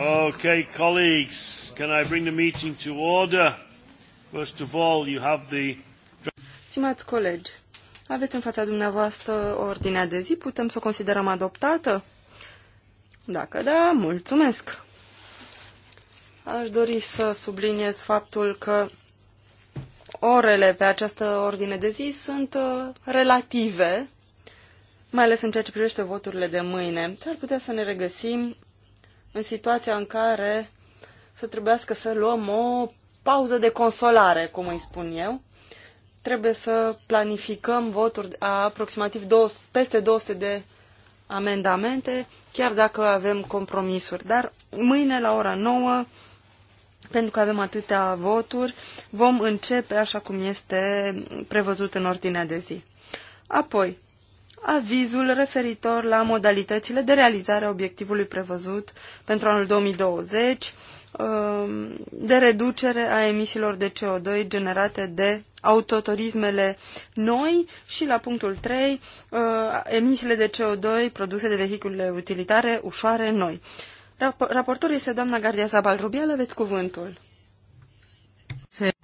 Okay, colleagues, can I bring the meeting to order? First of all, you have the... Stimați colegi, aveți în fața dumneavoastră ordinea de zi, putem să o considerăm adoptată? Dacă da, mulțumesc! Aș dori să subliniez faptul că orele pe această ordine de zi sunt uh, relative mai ales în ceea ce privește voturile de mâine, s-ar putea să ne regăsim în situația în care să trebuiască să luăm o pauză de consolare, cum îi spun eu. Trebuie să planificăm voturi a aproximativ 200, peste 200 de amendamente, chiar dacă avem compromisuri. Dar mâine la ora 9, pentru că avem atâtea voturi, vom începe așa cum este prevăzut în ordinea de zi. Apoi, avizul referitor la modalitățile de realizare a obiectivului prevăzut pentru anul 2020 um, de reducere a emisiilor de CO2 generate de autoturismele noi și la punctul 3 uh, emisiile de CO2 produse de vehiculele utilitare ușoare noi. Raportorul este doamna Gardia Zabal Rubial, aveți cuvântul.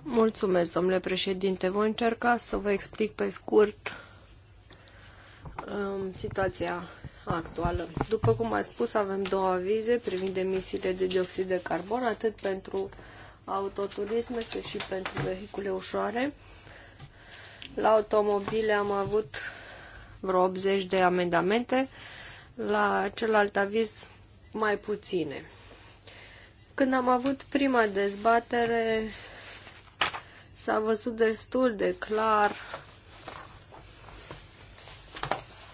Mulțumesc, domnule președinte. Voi încerca să vă explic pe scurt situația actuală. După cum am spus, avem două avize privind emisiile de dioxid de carbon, atât pentru autoturisme cât și pentru vehicule ușoare. La automobile am avut vreo 80 de amendamente, la celălalt aviz mai puține. Când am avut prima dezbatere, s-a văzut destul de clar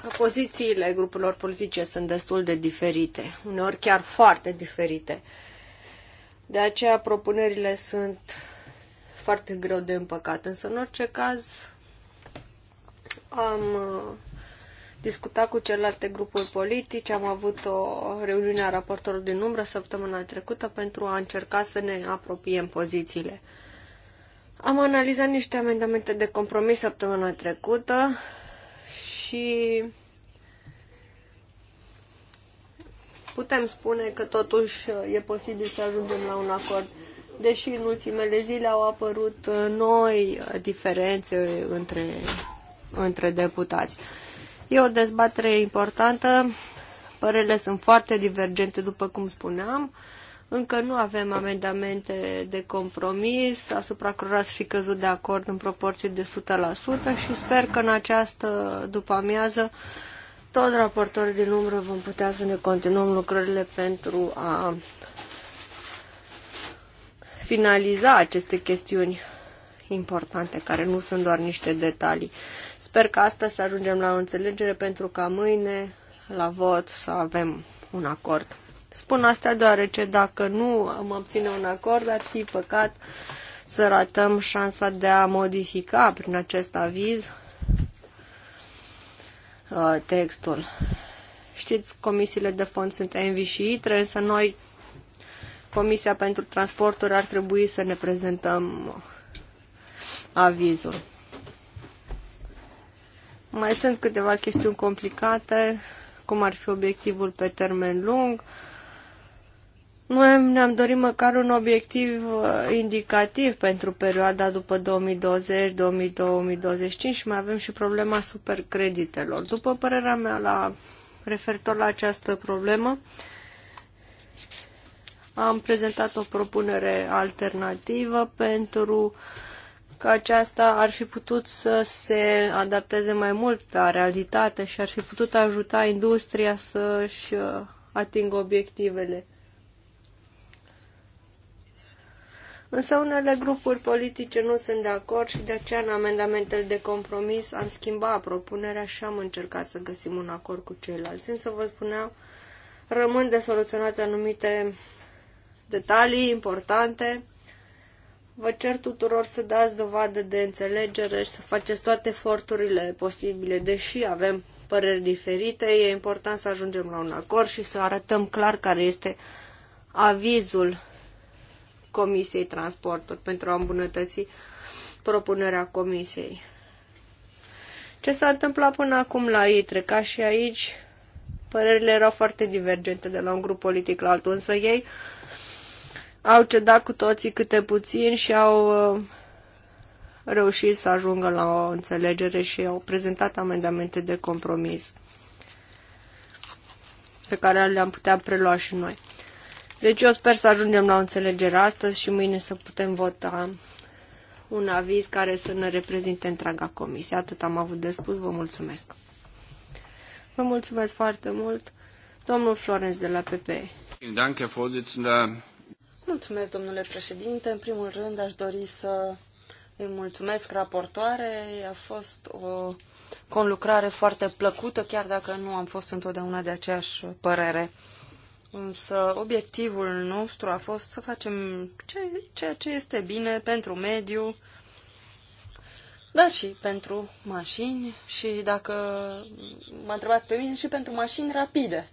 pozițiile grupurilor politice sunt destul de diferite, uneori chiar foarte diferite. De aceea propunerile sunt foarte greu de împăcat, însă în orice caz am uh, discutat cu celelalte grupuri politice, am avut o reuniune a raportorului din umbră săptămâna trecută pentru a încerca să ne apropiem pozițiile. Am analizat niște amendamente de compromis săptămâna trecută și putem spune că totuși e posibil să ajungem la un acord. Deși în ultimele zile au apărut uh, noi uh, diferențe între, între deputați. E o dezbatere importantă, părele sunt foarte divergente, după cum spuneam. Încă nu avem amendamente de compromis asupra cărora să fi căzut de acord în proporție de 100% și sper că în această după amiază toți raportorii din umbră vom putea să ne continuăm lucrările pentru a finaliza aceste chestiuni importante, care nu sunt doar niște detalii. Sper că asta să ajungem la o înțelegere pentru ca mâine la vot să avem un acord. Spun asta deoarece dacă nu am obține un acord, ar fi păcat să ratăm șansa de a modifica prin acest aviz uh, textul. Știți, comisiile de fond sunt Envi trebuie să noi, Comisia pentru Transporturi, ar trebui să ne prezentăm avizul. Mai sunt câteva chestiuni complicate, cum ar fi obiectivul pe termen lung, uh, noi ne-am dorit măcar un obiectiv uh, indicativ pentru perioada după 2020-2025 și mai avem și problema supercreditelor. După părerea mea, la, referitor la această problemă, am prezentat o propunere alternativă pentru că aceasta ar fi putut să se adapteze mai mult la realitate și ar fi putut ajuta industria să-și uh, atingă obiectivele. Însă unele grupuri politice nu sunt de acord și de aceea în amendamentele de compromis am schimbat propunerea și am încercat să găsim un acord cu ceilalți. Însă vă spuneam, rămân de soluționate anumite detalii importante. Vă cer tuturor să dați dovadă de înțelegere și să faceți toate eforturile posibile, deși avem păreri diferite, e important să ajungem la un acord și să arătăm clar care este avizul Comisiei Transporturi pentru a îmbunătăți propunerea Comisiei. Ce s-a întâmplat până acum la ITRE? Ca și aici, părerile erau foarte divergente de la un grup politic la altul, însă ei au cedat cu toții câte puțin și au uh, reușit să ajungă la o înțelegere și au prezentat amendamente de compromis pe care le-am putea prelua și noi. Deci eu sper să ajungem la o înțelegere astăzi și mâine să putem vota un aviz care să ne reprezinte întreaga comisie. Atât am avut de spus, vă mulțumesc. Vă mulțumesc foarte mult, domnul Florenț de la PPE. Mulțumesc, domnule președinte. În primul rând, aș dori să îi mulțumesc raportoare. A fost o conlucrare foarte plăcută, chiar dacă nu am fost întotdeauna de aceeași părere. Însă obiectivul nostru a fost să facem ceea ce este bine pentru mediu, dar și pentru mașini și, dacă mă întrebați pe mine, și pentru mașini rapide.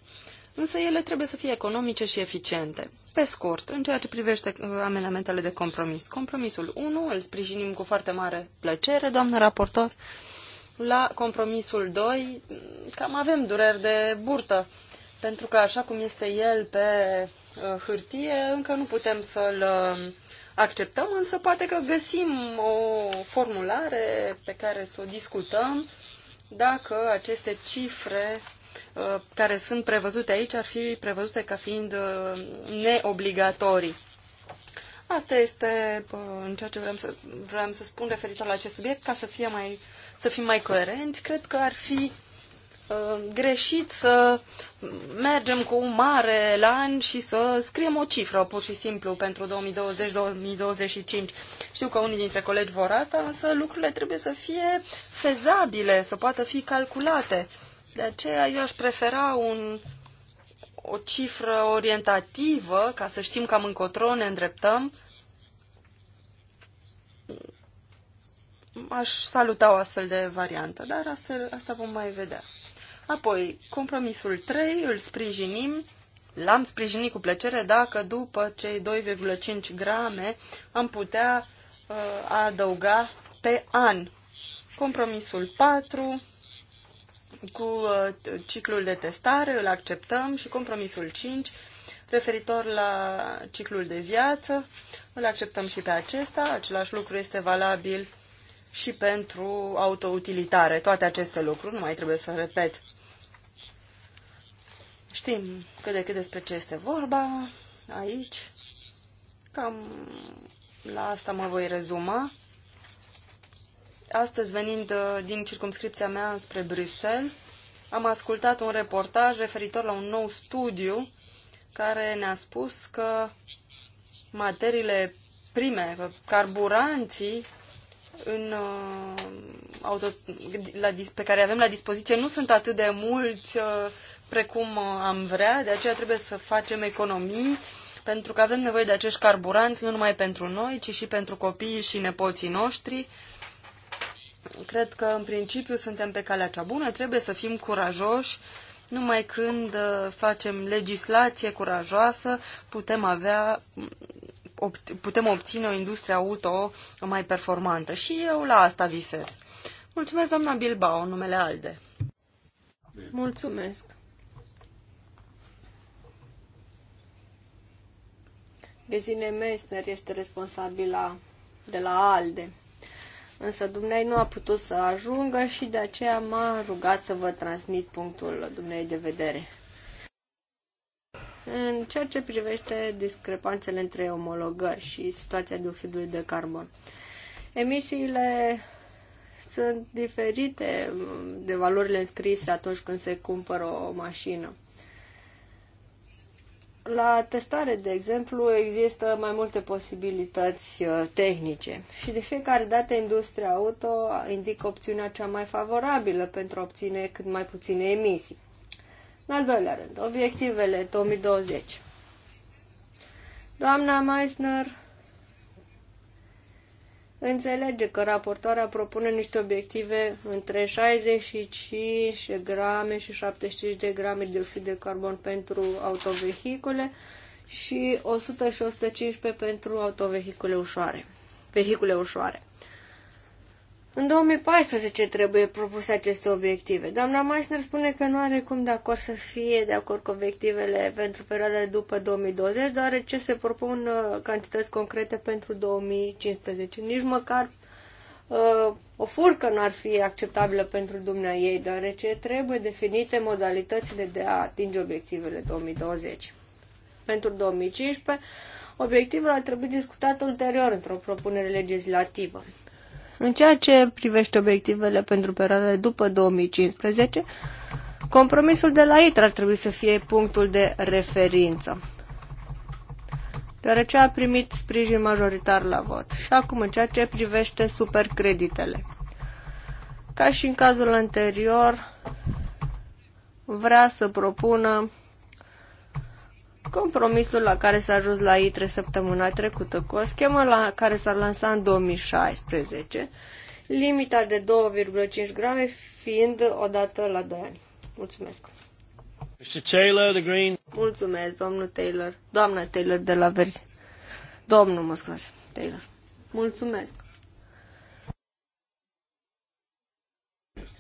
Însă ele trebuie să fie economice și eficiente. Pe scurt, în ceea ce privește uh, amendamentele de compromis. Compromisul 1 îl sprijinim cu foarte mare plăcere, doamnă raportor. La compromisul 2 cam avem dureri de burtă pentru că așa cum este el pe uh, hârtie, încă nu putem să-l uh, acceptăm, însă poate că găsim o formulare pe care să o discutăm dacă aceste cifre uh, care sunt prevăzute aici ar fi prevăzute ca fiind uh, neobligatorii. Asta este uh, în ceea ce vreau să, vreau să spun referitor la acest subiect, ca să, fie mai, să fim mai coerenți. Cred că ar fi Uh, greșit să mergem cu un mare lan și să scriem o cifră, pur și simplu, pentru 2020-2025. Știu că unii dintre colegi vor asta, însă lucrurile trebuie să fie fezabile, să poată fi calculate. De aceea eu aș prefera un, o cifră orientativă, ca să știm cam încotro ne îndreptăm. Aș saluta o astfel de variantă, dar astfel, asta vom mai vedea. Apoi, compromisul 3 îl sprijinim, l-am sprijinit cu plăcere dacă după cei 2,5 grame am putea uh, adăuga pe an. Compromisul 4 cu uh, ciclul de testare îl acceptăm și compromisul 5 referitor la ciclul de viață îl acceptăm și pe acesta. Același lucru este valabil și pentru autoutilitare. Toate aceste lucruri, nu mai trebuie să repet. Știm cât de cât despre ce este vorba aici. Cam la asta mă voi rezuma. Astăzi, venind uh, din circumscripția mea spre Bruxelles, am ascultat un reportaj referitor la un nou studiu care ne-a spus că materiile prime, carburanții în, uh, auto, la, pe care avem la dispoziție nu sunt atât de mulți uh, precum uh, am vrea, de aceea trebuie să facem economii, pentru că avem nevoie de acești carburanți nu numai pentru noi, ci și pentru copiii și nepoții noștri. Cred că, în principiu, suntem pe calea cea bună, trebuie să fim curajoși, numai când uh, facem legislație curajoasă, putem avea putem obține o industrie auto mai performantă. Și eu la asta visez. Mulțumesc, doamna Bilbao, numele ALDE. Mulțumesc. Gesine Meissner este responsabilă de la ALDE. Însă dumnei nu a putut să ajungă și de aceea m-a rugat să vă transmit punctul dumnei de vedere. În ceea ce privește discrepanțele între omologări și situația dioxidului de carbon, emisiile sunt diferite de valorile înscrise atunci când se cumpără o mașină. La testare, de exemplu, există mai multe posibilități uh, tehnice și de fiecare dată industria auto indică opțiunea cea mai favorabilă pentru a obține cât mai puține emisii. În al doilea rând, obiectivele 2020. Doamna Meissner înțelege că raportoarea propune niște obiective între 65 grame și 75 de grame de oxid de carbon pentru autovehicule și 100 și 115 pentru autovehicule ușoare. Vehicule ușoare. În 2014 trebuie propuse aceste obiective. Doamna Meissner spune că nu are cum de acord să fie de acord cu obiectivele pentru perioada după 2020, deoarece se propun uh, cantități concrete pentru 2015. Nici măcar uh, o furcă nu ar fi acceptabilă pentru dumnea ei, deoarece trebuie definite modalitățile de a atinge obiectivele 2020. Pentru 2015, obiectivul ar trebui discutat ulterior într-o propunere legislativă. În ceea ce privește obiectivele pentru perioadele după 2015, compromisul de la ITRA ar trebui să fie punctul de referință, deoarece a primit sprijin majoritar la vot. Și acum, în ceea ce privește supercreditele. Ca și în cazul anterior, vrea să propună compromisul la care s-a ajuns la ITRE săptămâna trecută cu o schemă la care s-a lansat în 2016, limita de 2,5 grame fiind odată la 2 ani. Mulțumesc! Mr. Taylor, the Green. Mulțumesc, domnul Taylor. Doamna Taylor de la Verzi. Domnul, mă Taylor. Mulțumesc.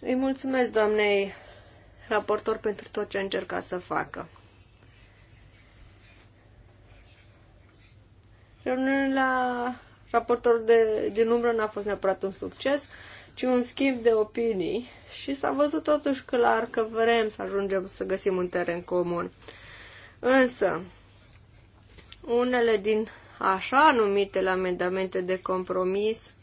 Îi mulțumesc doamnei raportor pentru tot ce a încercat să facă. Reuniunea la raportorul de, de umbră n-a fost neapărat un succes, ci un schimb de opinii și s-a văzut totuși clar că vrem să ajungem să găsim un teren comun. Însă, unele din așa numitele amendamente de compromis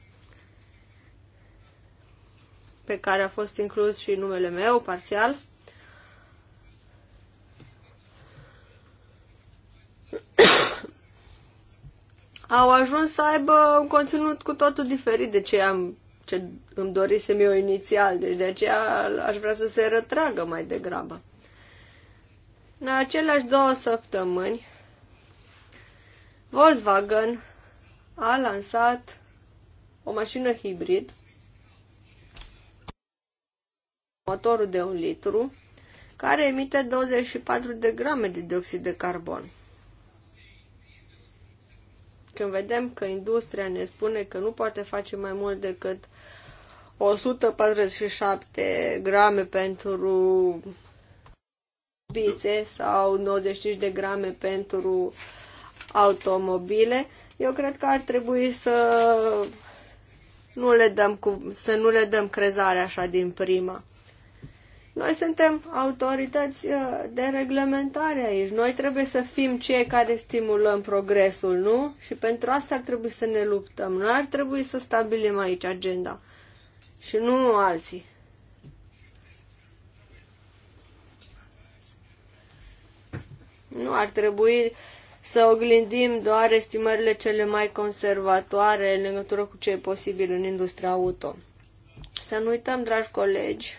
pe care a fost inclus și numele meu parțial, au ajuns să aibă un conținut cu totul diferit de ce, am, ce îmi dorisem eu inițial. Deci de aceea aș vrea să se retragă mai degrabă. În aceleași două săptămâni, Volkswagen a lansat o mașină hibrid, motorul de un litru, care emite 24 de grame de dioxid de carbon. Când vedem că industria ne spune că nu poate face mai mult decât 147 grame pentru bițe sau 95 de grame pentru automobile, eu cred că ar trebui să nu le dăm, cu, să nu le dăm crezare așa din prima. Noi suntem autorități uh, de reglementare aici. Noi trebuie să fim cei care stimulăm progresul, nu? Și pentru asta ar trebui să ne luptăm. Noi ar trebui să stabilim aici agenda și nu alții. Nu ar trebui să oglindim doar estimările cele mai conservatoare în legătură cu ce e posibil în industria auto. Să nu uităm, dragi colegi,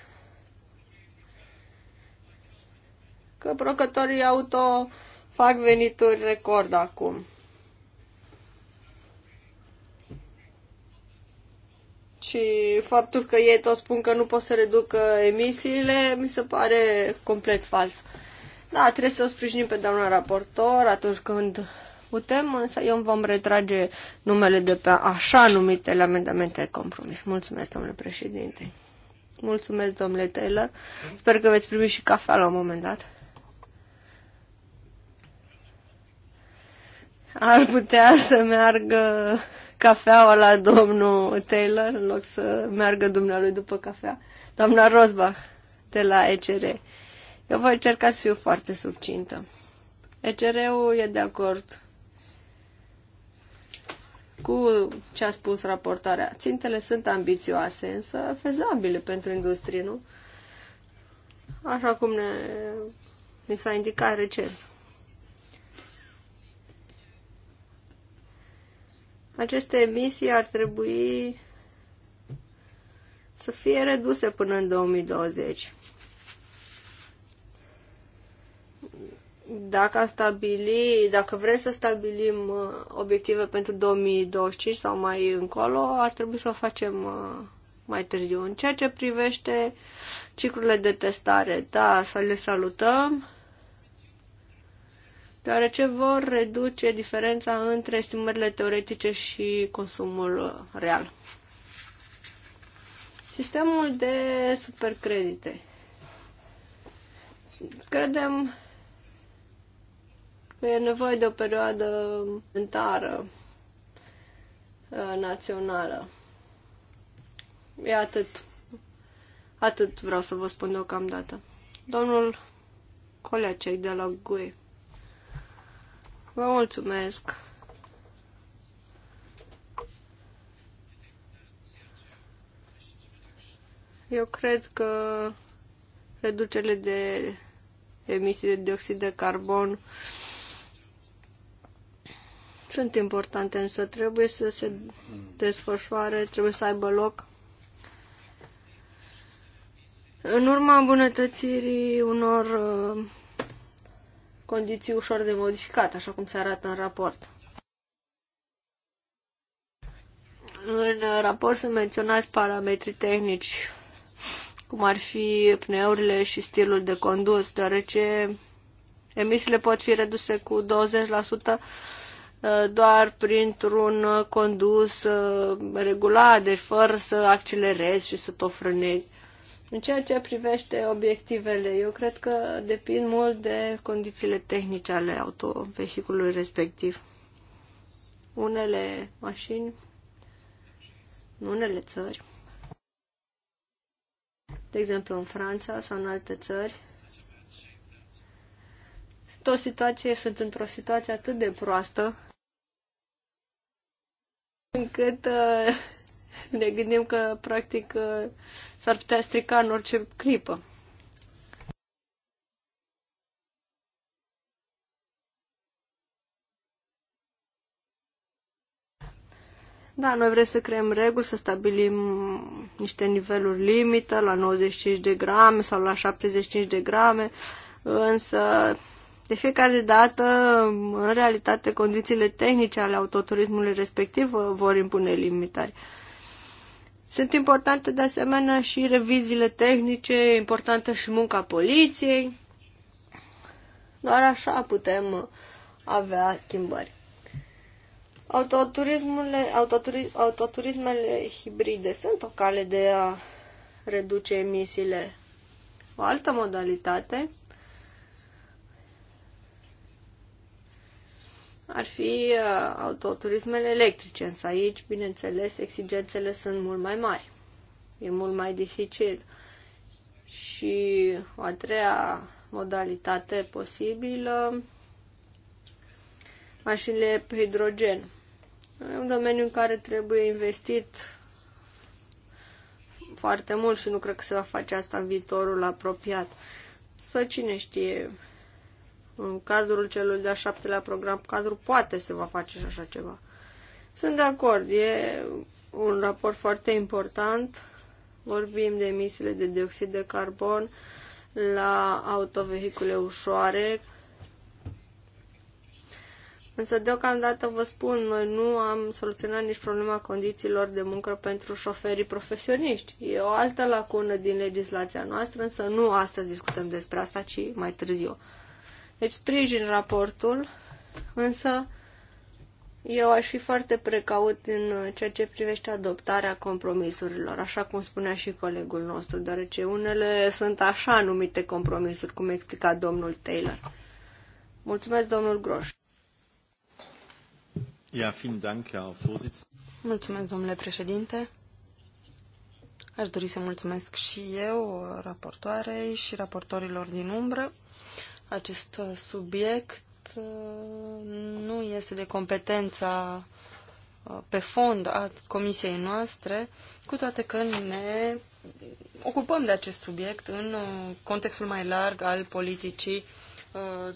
că producătorii auto fac venituri record acum. Și faptul că ei tot spun că nu pot să reducă emisiile, mi se pare complet fals. Da, trebuie să o sprijinim pe doamna raportor atunci când putem, însă eu vom retrage numele de pe așa numitele amendamente de compromis. Mulțumesc, domnule președinte. Mulțumesc, domnule Taylor. Sper că veți primi și cafea la un moment dat. ar putea să meargă cafeaua la domnul Taylor în loc să meargă dumnealui după cafea. Doamna Rosbach de la ECR. Eu voi încerca să fiu foarte subcintă. ECR-ul e de acord cu ce a spus raportarea. Țintele sunt ambițioase, însă fezabile pentru industrie, nu? Așa cum ne, ne s-a indicat recent. Aceste emisii ar trebui să fie reduse până în 2020. Dacă, stabili, dacă vrem să stabilim uh, obiective pentru 2025 sau mai încolo, ar trebui să o facem uh, mai târziu. În ceea ce privește ciclurile de testare, da, să le salutăm deoarece vor reduce diferența între estimările teoretice și consumul real. Sistemul de supercredite. Credem că e nevoie de o perioadă mentară uh, națională. E atât. Atât vreau să vă spun deocamdată. Domnul cei de la GUE. Vă mulțumesc. Eu cred că reducerile de emisii de dioxid de carbon sunt importante, însă trebuie să se desfășoare, trebuie să aibă loc în urma îmbunătățirii unor uh, condiții ușor de modificat, așa cum se arată în raport. În raport sunt menționați parametri tehnici, cum ar fi pneurile și stilul de condus, deoarece emisiile pot fi reduse cu 20% uh, doar printr-un condus uh, regulat, deci fără să accelerezi și să tot frânezi. În ceea ce privește obiectivele, eu cred că depind mult de condițiile tehnice ale autovehiculului respectiv. Unele mașini, în unele țări, de exemplu în Franța sau în alte țări, o situație, sunt într-o situație atât de proastă încât uh, ne gândim că, practic, uh, s-ar putea strica în orice clipă. Da, noi vrem să creăm reguli, să stabilim niște niveluri limită la 95 de grame sau la 75 de grame, însă de fiecare dată, în realitate, condițiile tehnice ale autoturismului respectiv vor impune limitări. Sunt importante de asemenea și reviziile tehnice, importantă și munca poliției. Doar așa putem avea schimbări. Autoturismele, autoturi, autoturismele hibride sunt o cale de a reduce emisiile. O altă modalitate ar fi uh, autoturismele electrice, însă aici, bineînțeles, exigențele sunt mult mai mari. E mult mai dificil. Și o a treia modalitate posibilă, mașinile pe hidrogen. E un domeniu în care trebuie investit foarte mult și nu cred că se va face asta în viitorul apropiat. Să cine știe, în cadrul celui de-a șaptelea program cadru poate se va face și așa ceva. Sunt de acord, e un raport foarte important. Vorbim de emisiile de dioxid de carbon la autovehicule ușoare. Însă deocamdată vă spun, noi nu am soluționat nici problema condițiilor de muncă pentru șoferii profesioniști. E o altă lacună din legislația noastră, însă nu astăzi discutăm despre asta, ci mai târziu. Deci sprijin raportul, însă eu aș fi foarte precaut în ceea ce privește adoptarea compromisurilor, așa cum spunea și colegul nostru, deoarece unele sunt așa numite compromisuri, cum explica domnul Taylor. Mulțumesc, domnul Groș. Ja, vielen Dank, Herr Vorsitzender. Mulțumesc, domnule președinte. Aș dori să mulțumesc și eu, raportoarei și raportorilor din umbră. Acest uh, subiect uh, nu este de competența uh, pe fond a comisiei noastre, cu toate că ne ocupăm de acest subiect în contextul mai larg al politicii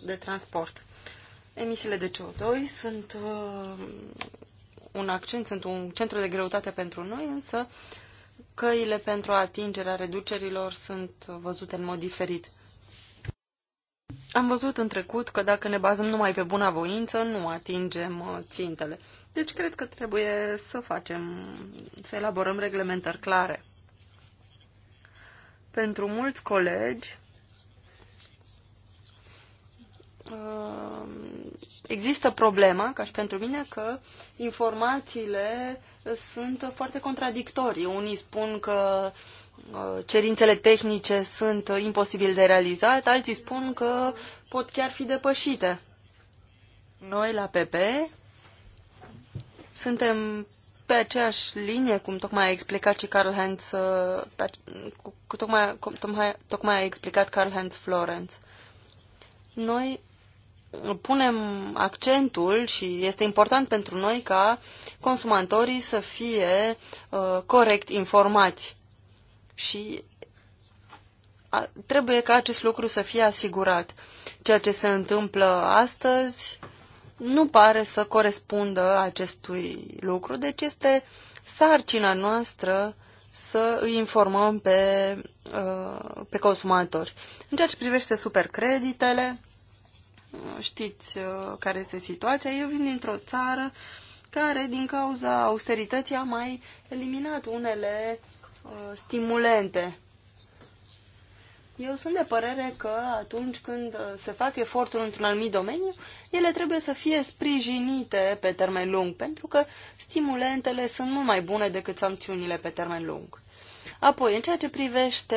de transport. Emisiile de CO2 sunt un accent, sunt un centru de greutate pentru noi, însă căile pentru atingerea reducerilor sunt văzute în mod diferit. Am văzut în trecut că dacă ne bazăm numai pe buna voință, nu atingem uh, țintele. Deci cred că trebuie să facem, să elaborăm reglementări clare. Pentru mulți colegi uh, există problema, ca și pentru mine, că informațiile sunt foarte contradictorii. Unii spun că uh, Uh, cerințele tehnice sunt uh, imposibil de realizat, alții spun că pot chiar fi depășite. Noi la PP suntem pe aceeași linie, cum tocmai a explicat și Carl Hans, uh, pe, cu, tocmai, cum, tocmai, tocmai a explicat Carl Hans Florence. Noi punem accentul și este important pentru noi ca consumatorii să fie uh, corect informați și a, trebuie ca acest lucru să fie asigurat. Ceea ce se întâmplă astăzi nu pare să corespundă acestui lucru, deci este sarcina noastră să îi informăm pe, uh, pe consumatori. În ceea ce privește supercreditele, știți uh, care este situația. Eu vin dintr-o țară care, din cauza austerității, a mai eliminat unele Uh, stimulente. Eu sunt de părere că atunci când uh, se fac eforturi într-un anumit domeniu, ele trebuie să fie sprijinite pe termen lung, pentru că stimulentele sunt mult mai bune decât sancțiunile pe termen lung. Apoi, în ceea ce privește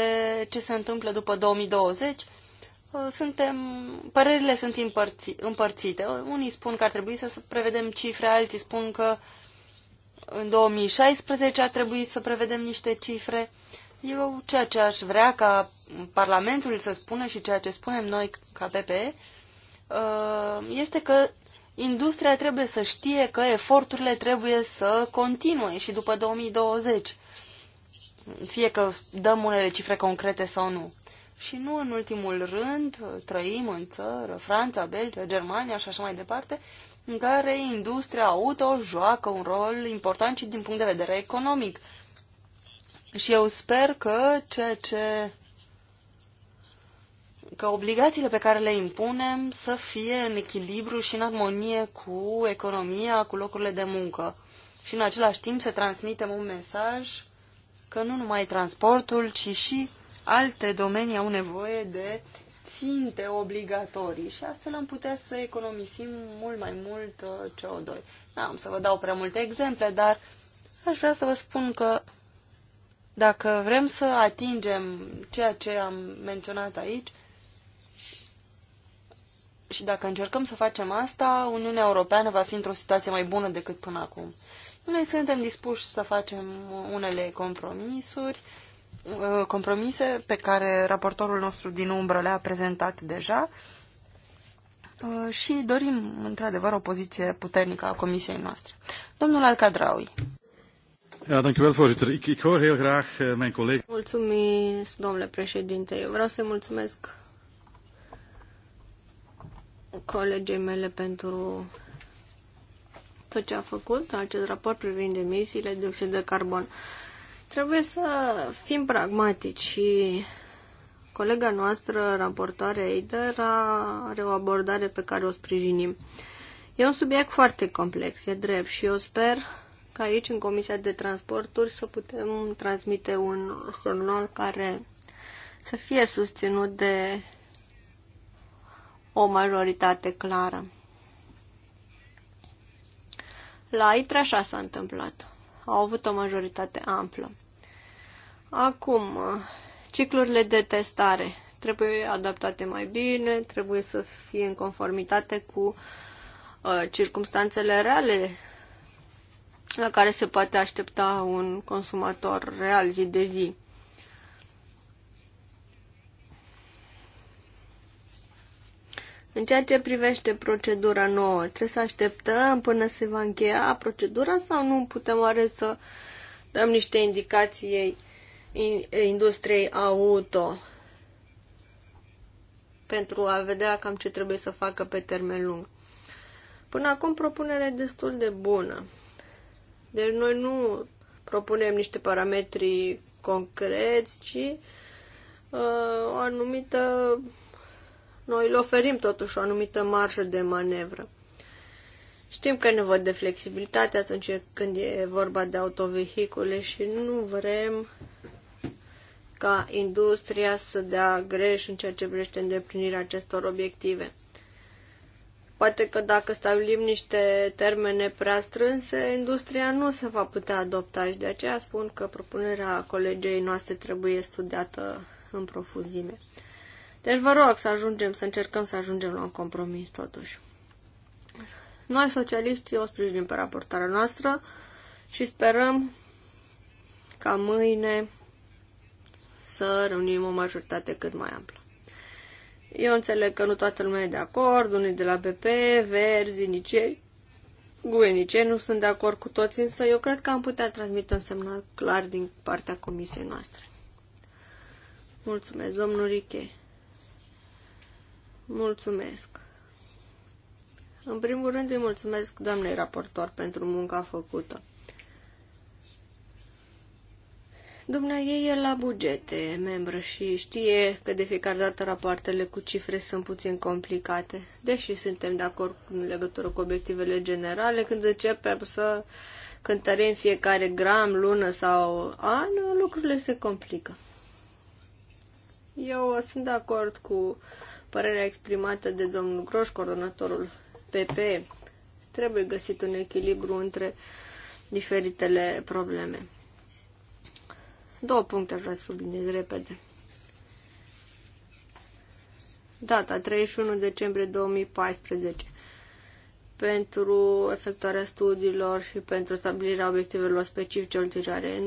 ce se întâmplă după 2020, uh, suntem, părerile sunt împărți, împărțite. Unii spun că ar trebui să prevedem cifre, alții spun că uh, în 2016 ar trebui să prevedem niște cifre. Eu ceea ce aș vrea ca Parlamentul să spună și ceea ce spunem noi ca PPE uh, este că industria trebuie să știe că eforturile trebuie să continue și după 2020, fie că dăm unele cifre concrete sau nu. Și nu în ultimul rând, trăim în țară, Franța, Belgia, Germania și așa mai departe, în care industria auto joacă un rol important și din punct de vedere economic. Și eu sper că ce, ce că obligațiile pe care le impunem să fie în echilibru și în armonie cu economia, cu locurile de muncă. Și în același timp să transmitem un mesaj că nu numai transportul, ci și alte domenii au nevoie de ținte obligatorii și astfel am putea să economisim mult mai mult uh, CO2. N-am da, să vă dau prea multe exemple, dar aș vrea să vă spun că dacă vrem să atingem ceea ce am menționat aici, și dacă încercăm să facem asta, Uniunea Europeană va fi într-o situație mai bună decât până acum. Noi suntem dispuși să facem unele compromisuri, Uh, compromise pe care raportorul nostru din umbră le-a prezentat deja uh, și dorim, într-adevăr, o poziție puternică a comisiei noastre. Domnul Alcadraui. Ja, dank u wel, voorzitter. Ik, ik hoor heel graag uh, mijn collega... Mulțumesc, domnule președinte. Eu vreau să-i mulțumesc colegii mele pentru tot ce a făcut, acest raport privind emisiile de oxid de carbon. Uh, Trebuie să fim pragmatici și colega noastră, raportoarea Eider, are o abordare pe care o sprijinim. E un subiect foarte complex, e drept și eu sper că aici, în Comisia de Transporturi, să putem transmite un semnal care să fie susținut de o majoritate clară. La Itrașa s-a întâmplat. Au avut o majoritate amplă. Acum, ciclurile de testare trebuie adaptate mai bine, trebuie să fie în conformitate cu uh, circumstanțele reale la care se poate aștepta un consumator real zi de zi. În ceea ce privește procedura nouă, trebuie să așteptăm până se va încheia procedura sau nu putem oare să dăm niște indicații ei? industriei auto pentru a vedea cam ce trebuie să facă pe termen lung. Până acum propunerea e destul de bună. Deci noi nu propunem niște parametri concreți, ci uh, o anumită... Noi îl oferim totuși o anumită marjă de manevră. Știm că e nevoie de flexibilitate atunci când e vorba de autovehicule și nu vrem ca industria să dea greș în ceea ce privește îndeplinirea acestor obiective. Poate că dacă stabilim niște termene prea strânse, industria nu se va putea adopta și de aceea spun că propunerea colegei noastre trebuie studiată în profunzime. Deci vă rog să ajungem, să încercăm să ajungem la un compromis totuși. Noi, socialiștii, o sprijinim pe raportarea noastră și sperăm ca mâine să reunim o majoritate cât mai amplă. Eu înțeleg că nu toată lumea e de acord, unii de la BP, Verzi, Nicei, Guenice, nu sunt de acord cu toți, însă eu cred că am putea transmite un semnal clar din partea comisiei noastre. Mulțumesc, domnul Riche. Mulțumesc. În primul rând îi mulțumesc doamnei raportor pentru munca făcută. Dumnea ei e la bugete, membră, și știe că de fiecare dată rapoartele cu cifre sunt puțin complicate. Deși suntem de acord în legătură cu obiectivele generale, când începem să cântărim fiecare gram, lună sau an, lucrurile se complică. Eu sunt de acord cu părerea exprimată de domnul Groș, coordonatorul PP. Trebuie găsit un echilibru între diferitele probleme. Două puncte vreau să subliniez repede. Data 31 decembrie 2014 pentru efectuarea studiilor și pentru stabilirea obiectivelor specifice ulterioare.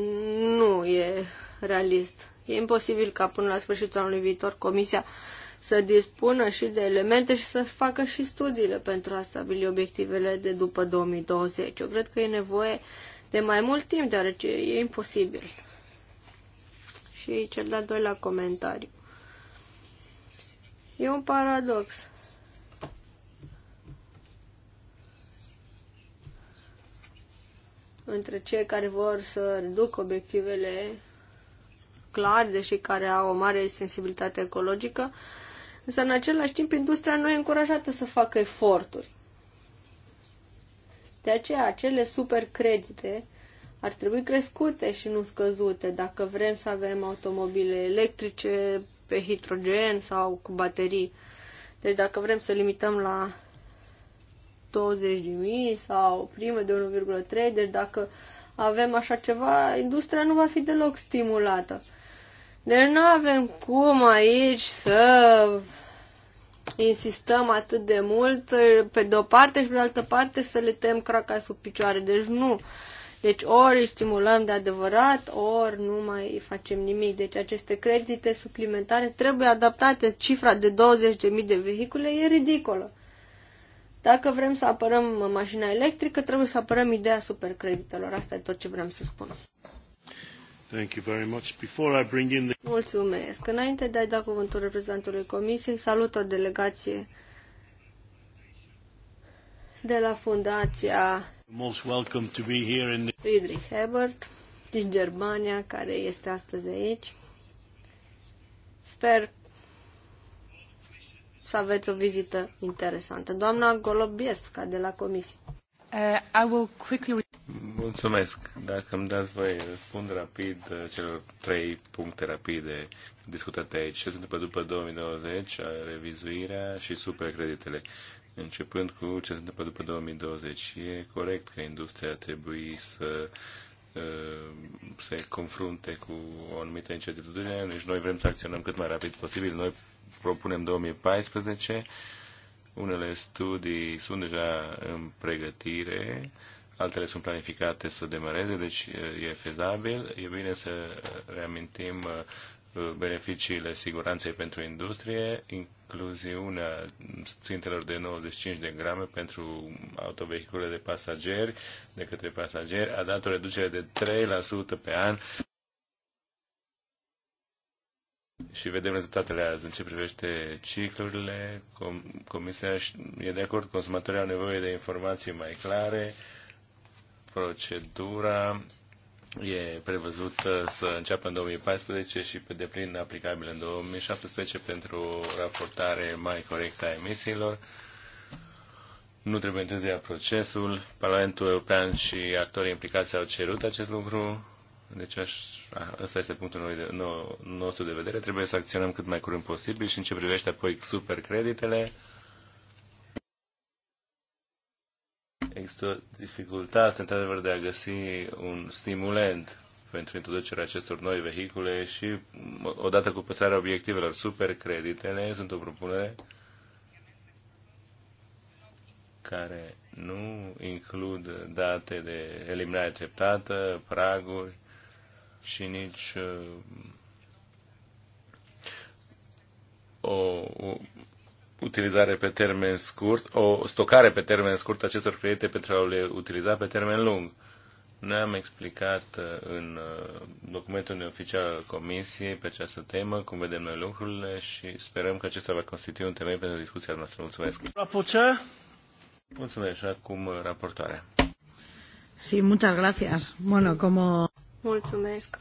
Nu e realist. E imposibil ca până la sfârșitul anului viitor Comisia să dispună și de elemente și să facă și studiile pentru a stabili obiectivele de după 2020. Eu cred că e nevoie de mai mult timp, deoarece e imposibil și cel de-al doilea comentariu. E un paradox. Între cei care vor să reducă obiectivele clare, deși care au o mare sensibilitate ecologică, însă în același timp industria nu e încurajată să facă eforturi. De aceea, acele supercredite ar trebui crescute și nu scăzute dacă vrem să avem automobile electrice, pe hidrogen sau cu baterii. Deci dacă vrem să limităm la 20.000 sau prime de 1,3, deci dacă avem așa ceva, industria nu va fi deloc stimulată. Deci nu avem cum aici să insistăm atât de mult pe de o parte și pe de altă parte să le tem craca sub picioare. Deci nu. Deci ori îi stimulăm de adevărat, ori nu mai facem nimic. Deci aceste credite suplimentare trebuie adaptate. Cifra de 20.000 de vehicule e ridicolă. Dacă vrem să apărăm mașina electrică, trebuie să apărăm ideea supercreditelor. Asta e tot ce vrem să spun. Thank you very much. Before I bring in the... Mulțumesc. Înainte de a-i da cuvântul reprezentantului Comisiei, salut o delegație de la Fundația Friedrich Hebert din Germania, care este astăzi aici. Sper să aveți o vizită interesantă. Doamna Golobievska de la Comisie. Uh, I will quickly... Mulțumesc. Dacă îmi dați voi, răspund rapid uh, celor trei puncte rapide discutate aici. Ce se întâmplă după 2020, uh, revizuirea și supercreditele începând cu ce se întâmplă după 2020. E corect că industria trebuie să uh, se confrunte cu o anumită incertitudine, deci noi vrem să acționăm cât mai rapid posibil. Noi propunem 2014, unele studii sunt deja în pregătire, altele sunt planificate să demareze, deci uh, e fezabil. E bine să reamintim uh, beneficiile siguranței pentru industrie, incluziunea țintelor de 95 de grame pentru autovehicule de pasageri, de către pasageri, a dat o reducere de 3% pe an și vedem rezultatele azi în ce privește ciclurile. Comisia e de acord, consumatorii au nevoie de informații mai clare, procedura e prevăzut uh, să înceapă în 2014 și pe deplin aplicabil în 2017 pentru raportare mai corectă a emisiilor. Nu trebuie întârzia procesul. Parlamentul European și actorii implicați au cerut acest lucru. Deci aș, ăsta este punctul nou, nou, nostru de vedere. Trebuie să acționăm cât mai curând posibil și în ce privește apoi supercreditele. creditele Există o dificultate, într-adevăr, de a găsi un stimulent pentru introducerea acestor noi vehicule și, odată cu păstrarea obiectivelor, supercreditele sunt o propunere care nu includ date de eliminare treptată, praguri și nici uh, o, o utilizare pe termen scurt, o stocare pe termen scurt acestor credite pentru a le utiliza pe termen lung. Ne-am explicat uh, în uh, documentul neoficial al Comisiei pe această temă, cum vedem noi lucrurile și sperăm că acesta va constitui un temei pentru discuția noastră. Mulțumesc! Rapuce. Mulțumesc și acum uh, raportoarea. Sí, muchas gracias. Bueno, como... Mulțumesc.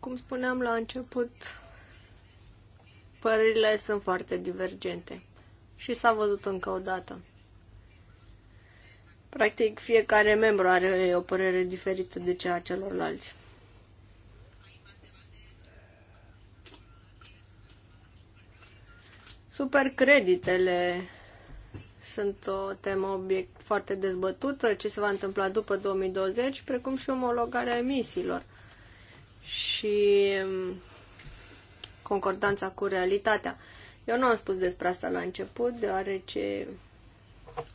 Cum spuneam la început, părerile sunt foarte divergente. Și s-a văzut încă o dată. Practic, fiecare membru are o părere diferită de cea a celorlalți. Supercreditele sunt o temă obiect foarte dezbătută, ce se va întâmpla după 2020, precum și omologarea emisiilor. Și concordanța cu realitatea. Eu nu am spus despre asta la început, deoarece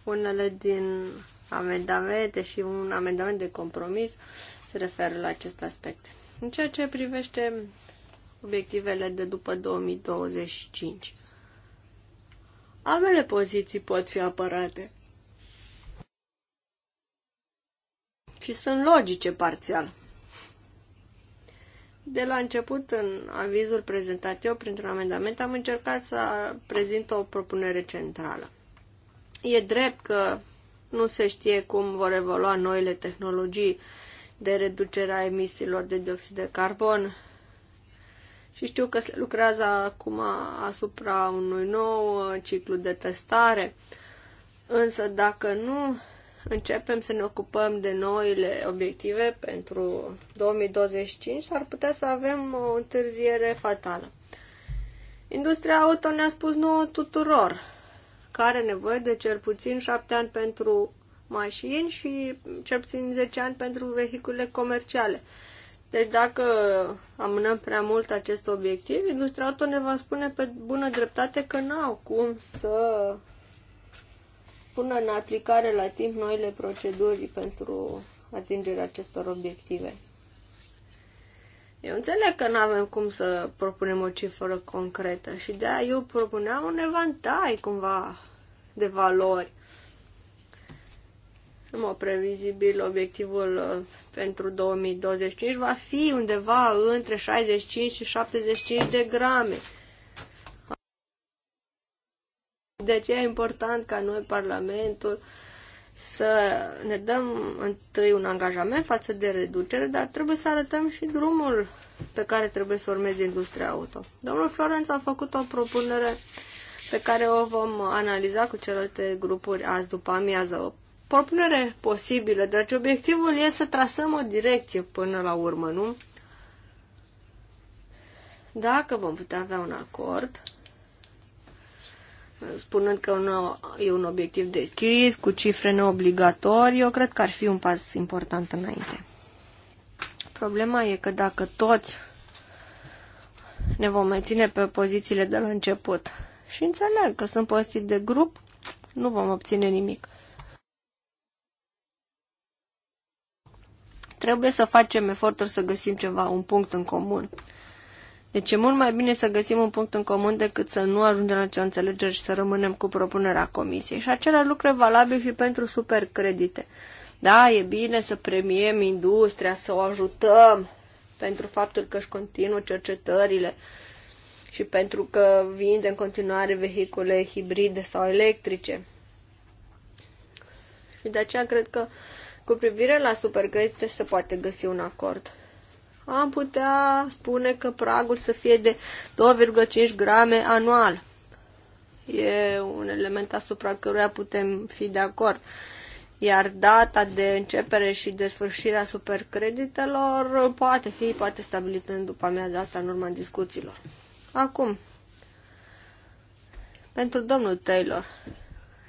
unele din amendamente și un amendament de compromis se referă la acest aspect. În ceea ce privește obiectivele de după 2025, ambele poziții pot fi apărate. Și sunt logice parțial. De la început, în avizul prezentat eu, printr-un amendament, am încercat să prezint o propunere centrală. E drept că nu se știe cum vor evolua noile tehnologii de reducere a emisiilor de dioxid de carbon și știu că se lucrează acum asupra unui nou uh, ciclu de testare, însă dacă nu începem să ne ocupăm de noile obiective pentru 2025, s-ar putea să avem o întârziere fatală. Industria auto ne-a spus nouă tuturor că are nevoie de cel puțin 7 ani pentru mașini și cel puțin 10 ani pentru vehicule comerciale. Deci dacă amânăm prea mult acest obiectiv, industria auto ne va spune pe bună dreptate că n-au cum să pună în aplicare la timp noile proceduri pentru atingerea acestor obiective. Eu înțeleg că nu avem cum să propunem o cifră concretă și de aia eu propuneam un evantai cumva de valori. În mod previzibil, obiectivul uh, pentru 2025 va fi undeva între 65 și 75 de grame. de aceea e important ca noi, Parlamentul, să ne dăm întâi un angajament față de reducere, dar trebuie să arătăm și drumul pe care trebuie să urmeze industria auto. Domnul Florenț a făcut o propunere pe care o vom analiza cu celelalte grupuri azi după amiază. O propunere posibilă, deci obiectivul e să trasăm o direcție până la urmă, nu? Dacă vom putea avea un acord, spunând că un, e un obiectiv deschis, cu cifre neobligatorii, eu cred că ar fi un pas important înainte. Problema e că dacă toți ne vom mai ține pe pozițiile de la început și înțeleg că sunt poziții de grup, nu vom obține nimic. Trebuie să facem eforturi să găsim ceva, un punct în comun. Deci e mult mai bine să găsim un punct în comun decât să nu ajungem la ce înțelegere și să rămânem cu propunerea comisiei. Și același lucru e valabil și pentru supercredite. Da, e bine să premiem industria, să o ajutăm pentru faptul că își continuă cercetările și pentru că vinde în continuare vehicule hibride sau electrice. Și de aceea cred că cu privire la supercredite se poate găsi un acord am putea spune că pragul să fie de 2,5 grame anual. E un element asupra căruia putem fi de acord. Iar data de începere și de sfârșire a supercreditelor poate fi, poate stabilită în după amiaza asta în urma discuțiilor. Acum, pentru domnul Taylor,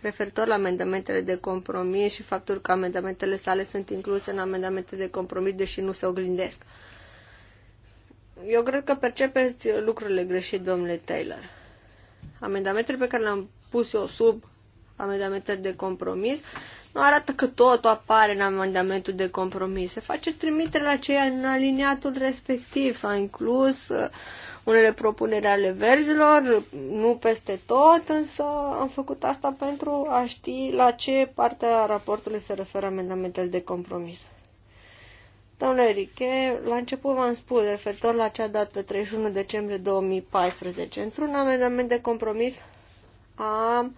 referitor la amendamentele de compromis și faptul că amendamentele sale sunt incluse în amendamente de compromis, deși nu se oglindesc. Uh, eu cred că percepeți lucrurile greșit, domnule Taylor. Amendamentele pe care le-am pus eu sub amendamente de compromis nu arată că totul apare în amendamentul de compromis. Se face trimitere la ceea în aliniatul respectiv. S-au inclus uh, unele propuneri ale verzilor, nu peste tot, însă am făcut asta pentru a ști la ce parte a raportului se referă amendamentele de compromis. Domnule Eric, la început v-am spus, referitor la acea dată 31 decembrie 2014, într-un amendament de compromis am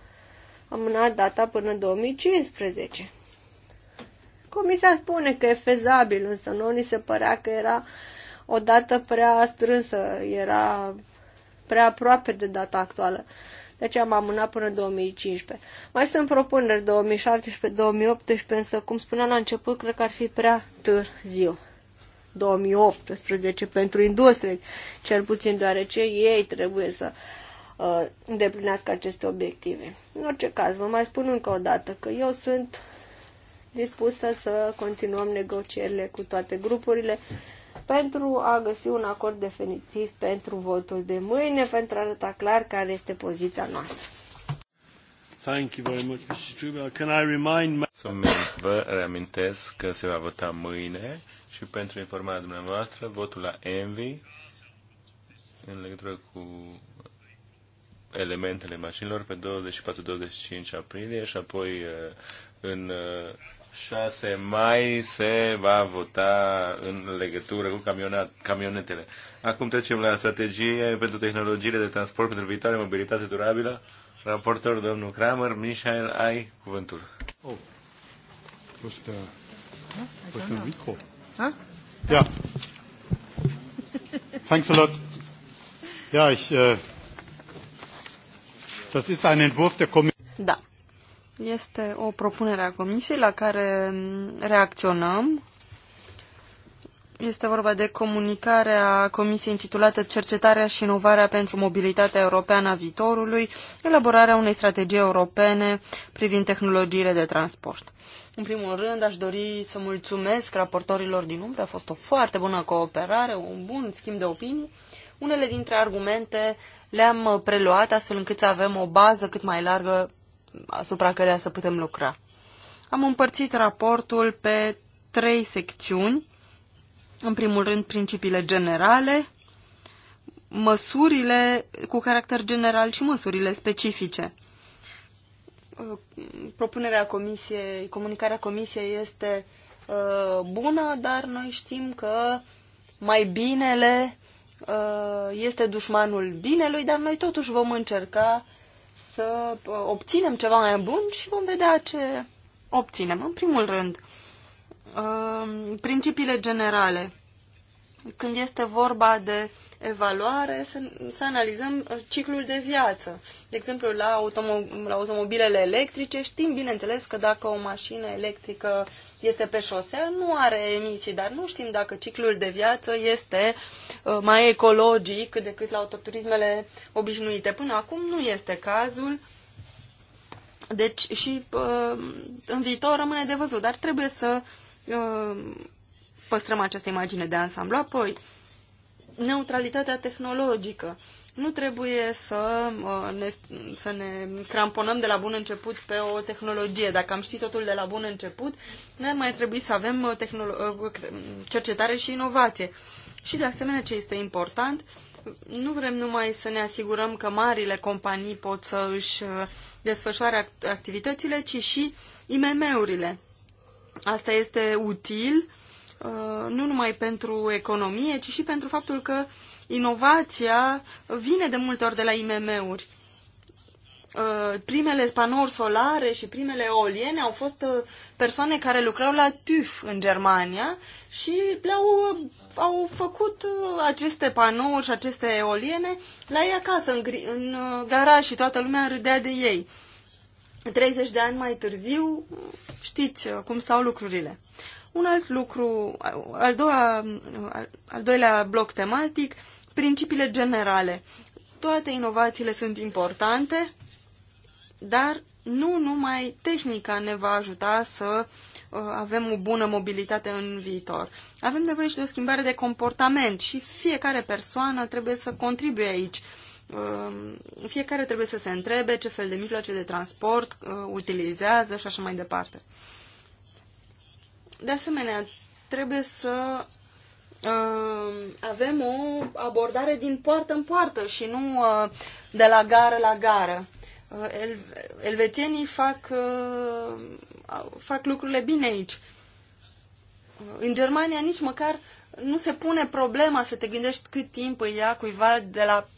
amânat data până 2015. Comisia spune că e fezabil, însă nu ni se părea că era o dată prea strânsă, era prea aproape de data actuală deci am amânat până 2015. Mai sunt propuneri 2017-2018, însă, cum spuneam la început, cred că ar fi prea târziu. 2018 pentru industrie, cel puțin deoarece ei trebuie să uh, îndeplinească aceste obiective. În orice caz, vă mai spun încă o dată că eu sunt dispusă să continuăm negocierile cu toate grupurile pentru a găsi un acord definitiv pentru votul de mâine, pentru a arăta clar care este poziția noastră. Thank you very much, Mr. Trubel. Can I remind... Mulțumesc. Vă reamintesc că se va vota mâine și pentru informarea dumneavoastră, votul la Envy în legătură cu elementele mașinilor pe 24-25 aprilie și apoi uh, în uh, 6 mai se va vota în legătură cu camionetele. Acum trecem la strategie pentru tehnologiile de transport pentru viitoare mobilitate durabilă. Raportor domnul Kramer, Michael, ai cuvântul. Oh. Questo, micro. Thanks a lot. Ja, ich, uh, äh, das ist ein Entwurf der Kommission. Da. Este o propunere a Comisiei la care reacționăm. Este vorba de comunicarea Comisiei intitulată Cercetarea și inovarea pentru mobilitatea europeană a viitorului, elaborarea unei strategii europene privind tehnologiile de transport. În primul rând, aș dori să mulțumesc raportorilor din umbră. A fost o foarte bună cooperare, un bun schimb de opinii. Unele dintre argumente le-am preluat astfel încât să avem o bază cât mai largă asupra căreia să putem lucra. Am împărțit raportul pe trei secțiuni. În primul rând, principiile generale, măsurile cu caracter general și măsurile specifice. Uh, propunerea comisiei, comunicarea comisiei este uh, bună, dar noi știm că mai binele uh, este dușmanul binelui, dar noi totuși vom încerca uh, să uh, obținem ceva mai bun și vom vedea ce obținem. În primul rând, uh, principiile generale când este vorba de evaluare, să, să analizăm uh, ciclul de viață. De exemplu, la, automo- la automobilele electrice știm, bineînțeles, că dacă o mașină electrică este pe șosea, nu are emisii, dar nu știm dacă ciclul de viață este uh, mai ecologic decât la autoturismele obișnuite. Până acum nu este cazul. Deci și uh, în viitor rămâne de văzut, dar trebuie să păstrăm această imagine de ansamblu. Apoi, neutralitatea tehnologică. Nu trebuie să uh, ne, să ne cramponăm de la bun început pe o tehnologie. Dacă am ști totul de la bun început, ne-ar mai trebui să avem uh, uh, cercetare și inovație. Și de asemenea, ce este important, nu vrem numai să ne asigurăm că marile companii pot să își desfășoare activitățile, ci și IMM-urile. Asta este util Uh, nu numai pentru economie, ci și pentru faptul că inovația vine de multe ori de la IMM-uri. Uh, primele panouri solare și primele eoliene au fost uh, persoane care lucrau la TÜV în Germania și le-au au făcut aceste panouri și aceste eoliene la ei acasă, în, în garaj și toată lumea râdea de ei. 30 de ani mai târziu, știți cum stau lucrurile. Un alt lucru, al, doua, al doilea bloc tematic, principiile generale. Toate inovațiile sunt importante, dar nu numai tehnica ne va ajuta să uh, avem o bună mobilitate în viitor. Avem nevoie și de o schimbare de comportament și fiecare persoană trebuie să contribuie aici. Uh, fiecare trebuie să se întrebe ce fel de mijloace de transport uh, utilizează și așa mai departe. De asemenea, trebuie să uh, avem o abordare din poartă în poartă și nu uh, de la gară la gară. Uh, el, elvețienii fac, uh, fac lucrurile bine aici. Uh, în Germania nici măcar nu se pune problema să te gândești cât timp îi ia cuiva de la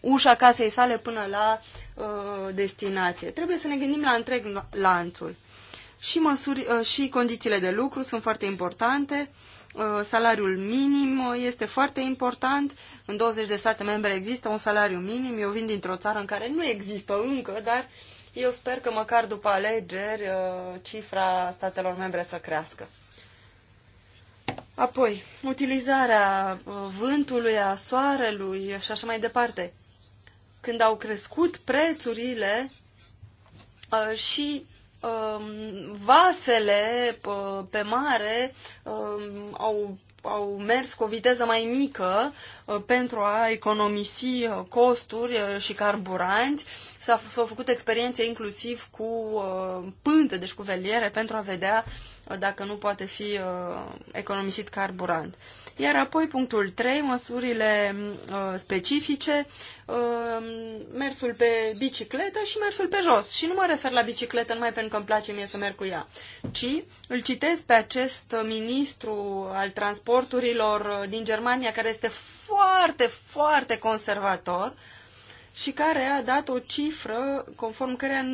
ușa casei sale până la uh, destinație. Trebuie să ne gândim la întreg lanțul și, măsuri, uh, și condițiile de lucru sunt foarte importante. Uh, salariul minim uh, este foarte important. În 20 de state membre există un salariu minim. Eu vin dintr-o țară în care nu există încă, dar eu sper că măcar după alegeri cifra statelor membre să crească. Apoi, utilizarea vântului, a soarelui și așa mai departe. Când au crescut prețurile și Um, vasele pe mare um, au, au mers cu o viteză mai mică uh, pentru a economisi uh, costuri uh, și carburanți S-au făcut experiențe inclusiv cu uh, pântă, deci cu veliere, pentru a vedea uh, dacă nu poate fi uh, economisit carburant. Iar apoi punctul 3, măsurile uh, specifice, uh, mersul pe bicicletă și mersul pe jos. Și nu mă refer la bicicletă numai pentru că îmi place mie să merg cu ea, ci îl citesc pe acest uh, ministru al transporturilor uh, din Germania, care este foarte, foarte conservator, uh, și care a dat o cifră conform căreia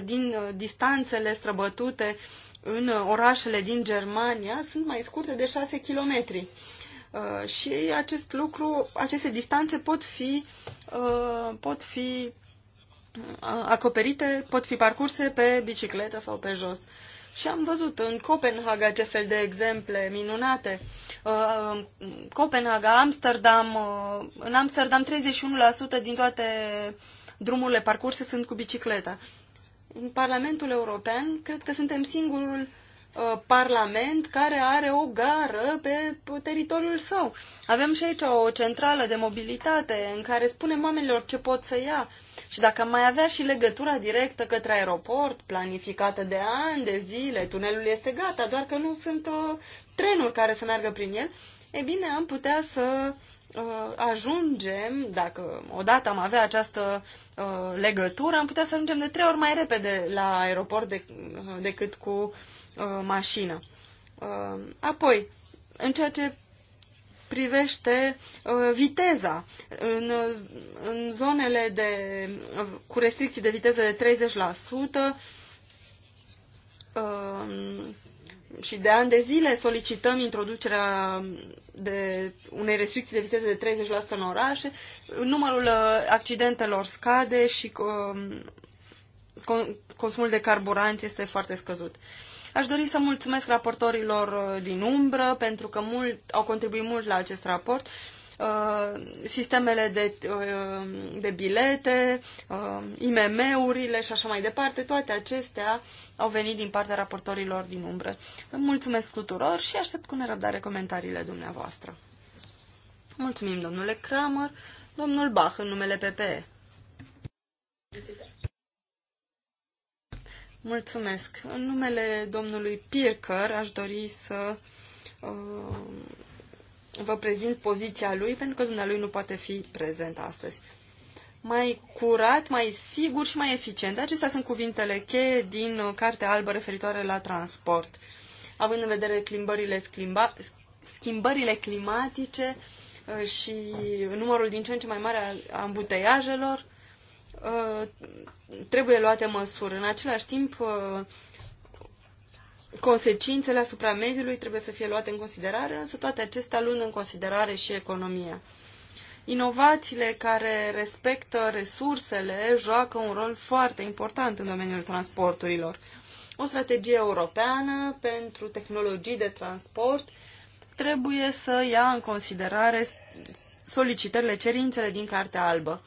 90% din uh, distanțele străbătute în uh, orașele din Germania sunt mai scurte de 6 km. Uh, și acest lucru, aceste distanțe pot fi, pot fi acoperite, pot fi parcurse pe bicicletă sau pe jos. Și am văzut în Copenhaga ce fel de exemple minunate. Uh, Copenhaga, Amsterdam, uh, în Amsterdam 31% din toate drumurile parcurse sunt cu bicicleta. În Parlamentul European, cred că suntem singurul uh, parlament care are o gară pe teritoriul său. Avem și aici o centrală de mobilitate în care spunem oamenilor ce pot să ia. Uh, și dacă mai avea și legătura directă către aeroport, planificată de ani, de zile, tunelul este gata, doar că nu sunt uh, trenuri care să meargă prin el, e bine, am putea să uh, ajungem, dacă odată am avea această uh, legătură, am putea să ajungem de trei ori mai repede la aeroport de, uh, decât cu uh, mașină. Uh, apoi, în ceea ce privește uh, viteza. În, în zonele de, cu restricții de viteză de 30% um, și de ani de zile solicităm introducerea de unei restricții de viteză de 30% în orașe, numărul uh, accidentelor scade și um, consumul de carburanți este foarte scăzut. Aș dori să mulțumesc raportorilor uh, din umbră pentru că mult, au contribuit mult la acest raport. Uh, sistemele de, uh, de bilete, uh, IMM-urile și așa mai departe, toate acestea au venit din partea raportorilor din umbră. Mulțumesc tuturor și aștept cu nerăbdare comentariile dumneavoastră. Mulțumim, domnule Kramer, domnul Bach, în numele PPE. Mulțumesc. În numele domnului Pircăr aș dori să uh, vă prezint poziția lui, pentru că dumnealui nu poate fi prezent astăzi. Mai curat, mai sigur și mai eficient. Acestea sunt cuvintele cheie din Cartea Albă referitoare la transport. Având în vedere schimbările, schimba, schimbările climatice uh, și numărul din ce în ce mai mare a ambuteiajelor, uh, Uh, trebuie luate măsuri. În același timp, uh, consecințele asupra mediului trebuie să fie luate în considerare, însă toate acestea luând în considerare și economia. Inovațiile care respectă resursele joacă un rol foarte important în domeniul transporturilor. O strategie europeană pentru tehnologii de transport trebuie să ia în considerare solicitările, cerințele din Cartea Albă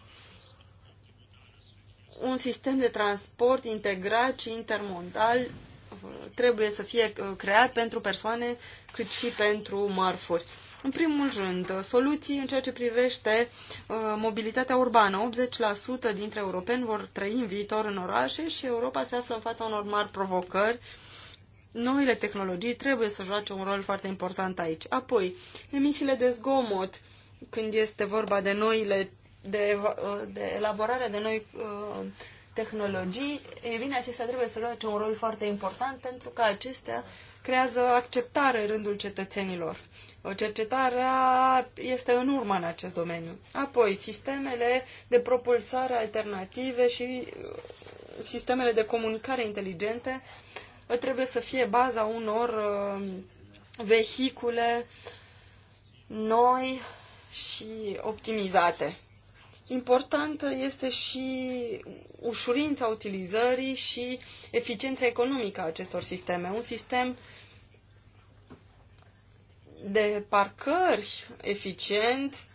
un sistem de transport integrat și intermodal uh, trebuie să fie uh, creat pentru persoane cât și pentru mărfuri. În primul rând, uh, soluții în ceea ce privește mobilitatea urbană. 80% dintre europeni vor trăi în viitor în orașe și Europa se află în fața unor mari provocări. Noile tehnologii trebuie să joace un rol foarte important aici. Apoi, emisiile de zgomot, când este vorba de noile de, de elaborare de noi uh, tehnologii, e bine, acestea trebuie să joace un rol foarte important pentru că acestea creează acceptare în rândul cetățenilor. Cercetarea este în urmă în acest domeniu. Apoi, sistemele de propulsare alternative și uh, sistemele de comunicare inteligente uh, trebuie să fie baza unor uh, vehicule noi și optimizate importantă este și ușurința utilizării și eficiența economică a acestor sisteme. Un sistem de parcări eficient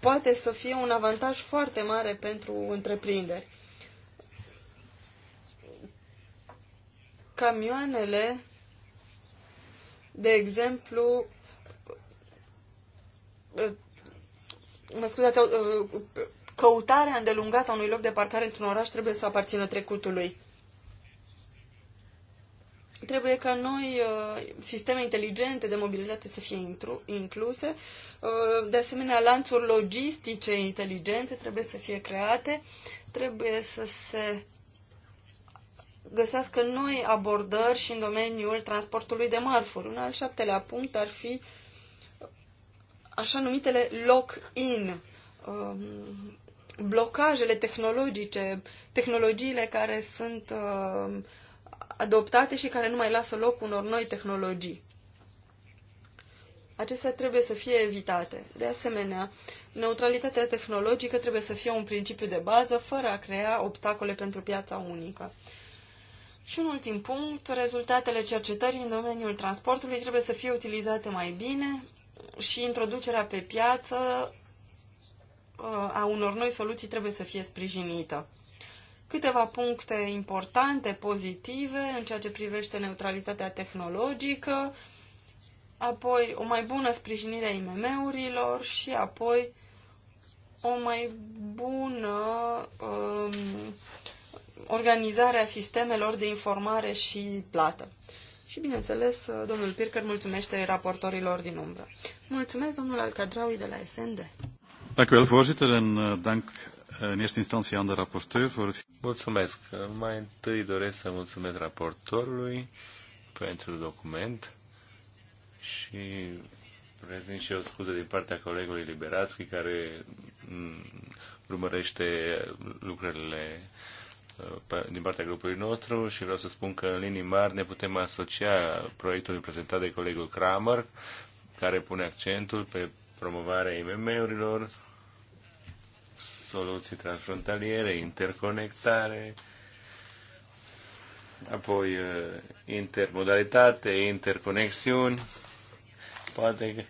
poate să fie un avantaj foarte mare pentru întreprinderi. Camioanele, de exemplu, mă scuzați, uh, căutarea îndelungată a unui loc de parcare într-un oraș trebuie să aparțină trecutului. Trebuie ca noi uh, sisteme inteligente de mobilitate să fie incluse, uh, de asemenea lanțuri logistice inteligente trebuie să fie create, trebuie să se găsească noi abordări și în domeniul transportului de marfuri. Un al șaptelea punct ar fi uh, așa numitele lock-in, um, blocajele tehnologice, tehnologiile care sunt um, adoptate și care nu mai lasă loc unor noi tehnologii. Acestea trebuie să fie evitate. De asemenea, neutralitatea tehnologică trebuie să fie un principiu de bază fără a crea obstacole pentru piața unică. Și un ultim punct, rezultatele cercetării în domeniul transportului trebuie să fie utilizate mai bine și introducerea pe piață uh, a unor noi soluții trebuie să fie sprijinită. Câteva puncte importante, pozitive, în ceea ce privește neutralitatea tehnologică, apoi o mai bună sprijinire a IMM-urilor și apoi o mai bună um, organizare a sistemelor de informare și plată. Și, bineînțeles, domnul Pircăr mulțumește raportorilor din umbră. Mulțumesc, domnul Alcadraui de la SND. Dank u wel, voorzitter, en eh, dank eh, eerste instantie aan de rapporteur voor het... Mulțumesc. Mai întâi doresc să mulțumesc raportorului pentru document și prezint și o scuză din partea colegului Liberațchi care mm, urmărește lucrările din partea grupului nostru și vreau să spun că în linii mari ne putem asocia proiectului prezentat de colegul Kramer, care pune accentul pe promovarea IMM-urilor, soluții transfrontaliere, interconectare, apoi eh, intermodalitate, interconexiuni, poate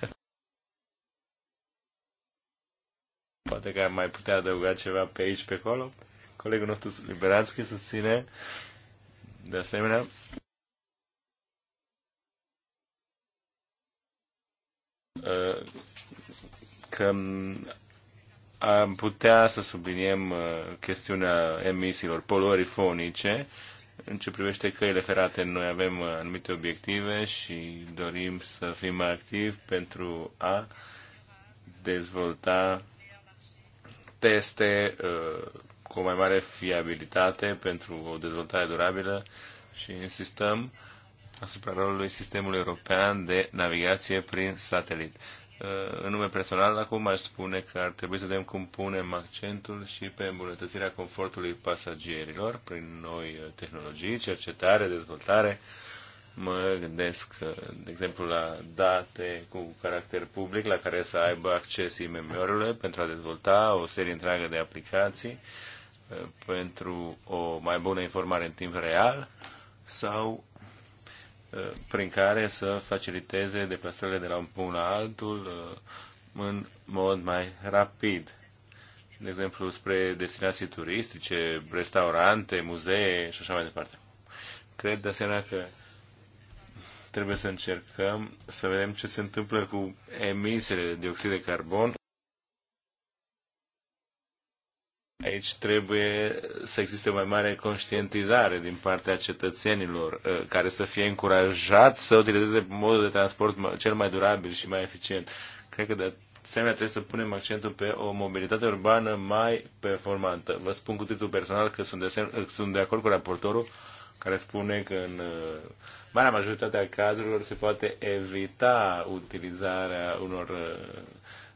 că Poate că am mai putea adăuga ceva pe aici, pe acolo. Colegul nostru Liberanski susține de asemenea uh, că am putea să subliniem uh, chestiunea emisiilor polorifonice în ce privește căile ferate, noi avem uh, anumite obiective și dorim să fim mai activi pentru a dezvolta teste uh, cu o mai mare fiabilitate pentru o dezvoltare durabilă și insistăm asupra rolului sistemului european de navigație prin satelit. Uh, în nume personal, acum aș spune că ar trebui să vedem cum punem accentul și pe îmbunătățirea confortului pasagerilor prin noi uh, tehnologii, cercetare, dezvoltare. Mă gândesc, uh, de exemplu, la date cu caracter public la care să aibă acces IMM-urile pentru a dezvolta o serie întreagă de aplicații pentru o mai bună informare în timp real sau eh, prin care să faciliteze deplasările de la un punct la altul eh, în mod mai rapid. De exemplu, spre destinații turistice, restaurante, muzee și așa mai departe. Cred de asemenea că trebuie să încercăm să vedem ce se întâmplă cu emisiile de dioxid de carbon Aici trebuie să existe o mai mare conștientizare din partea cetățenilor uh, care să fie încurajați să utilizeze modul de transport cel mai durabil și mai eficient. Cred că de asemenea trebuie să punem accentul pe o mobilitate urbană mai performantă. Vă spun cu titlul personal că sunt de, sen- uh, sunt de acord cu raportorul care spune că în uh, marea majoritate a cazurilor se poate evita utilizarea unor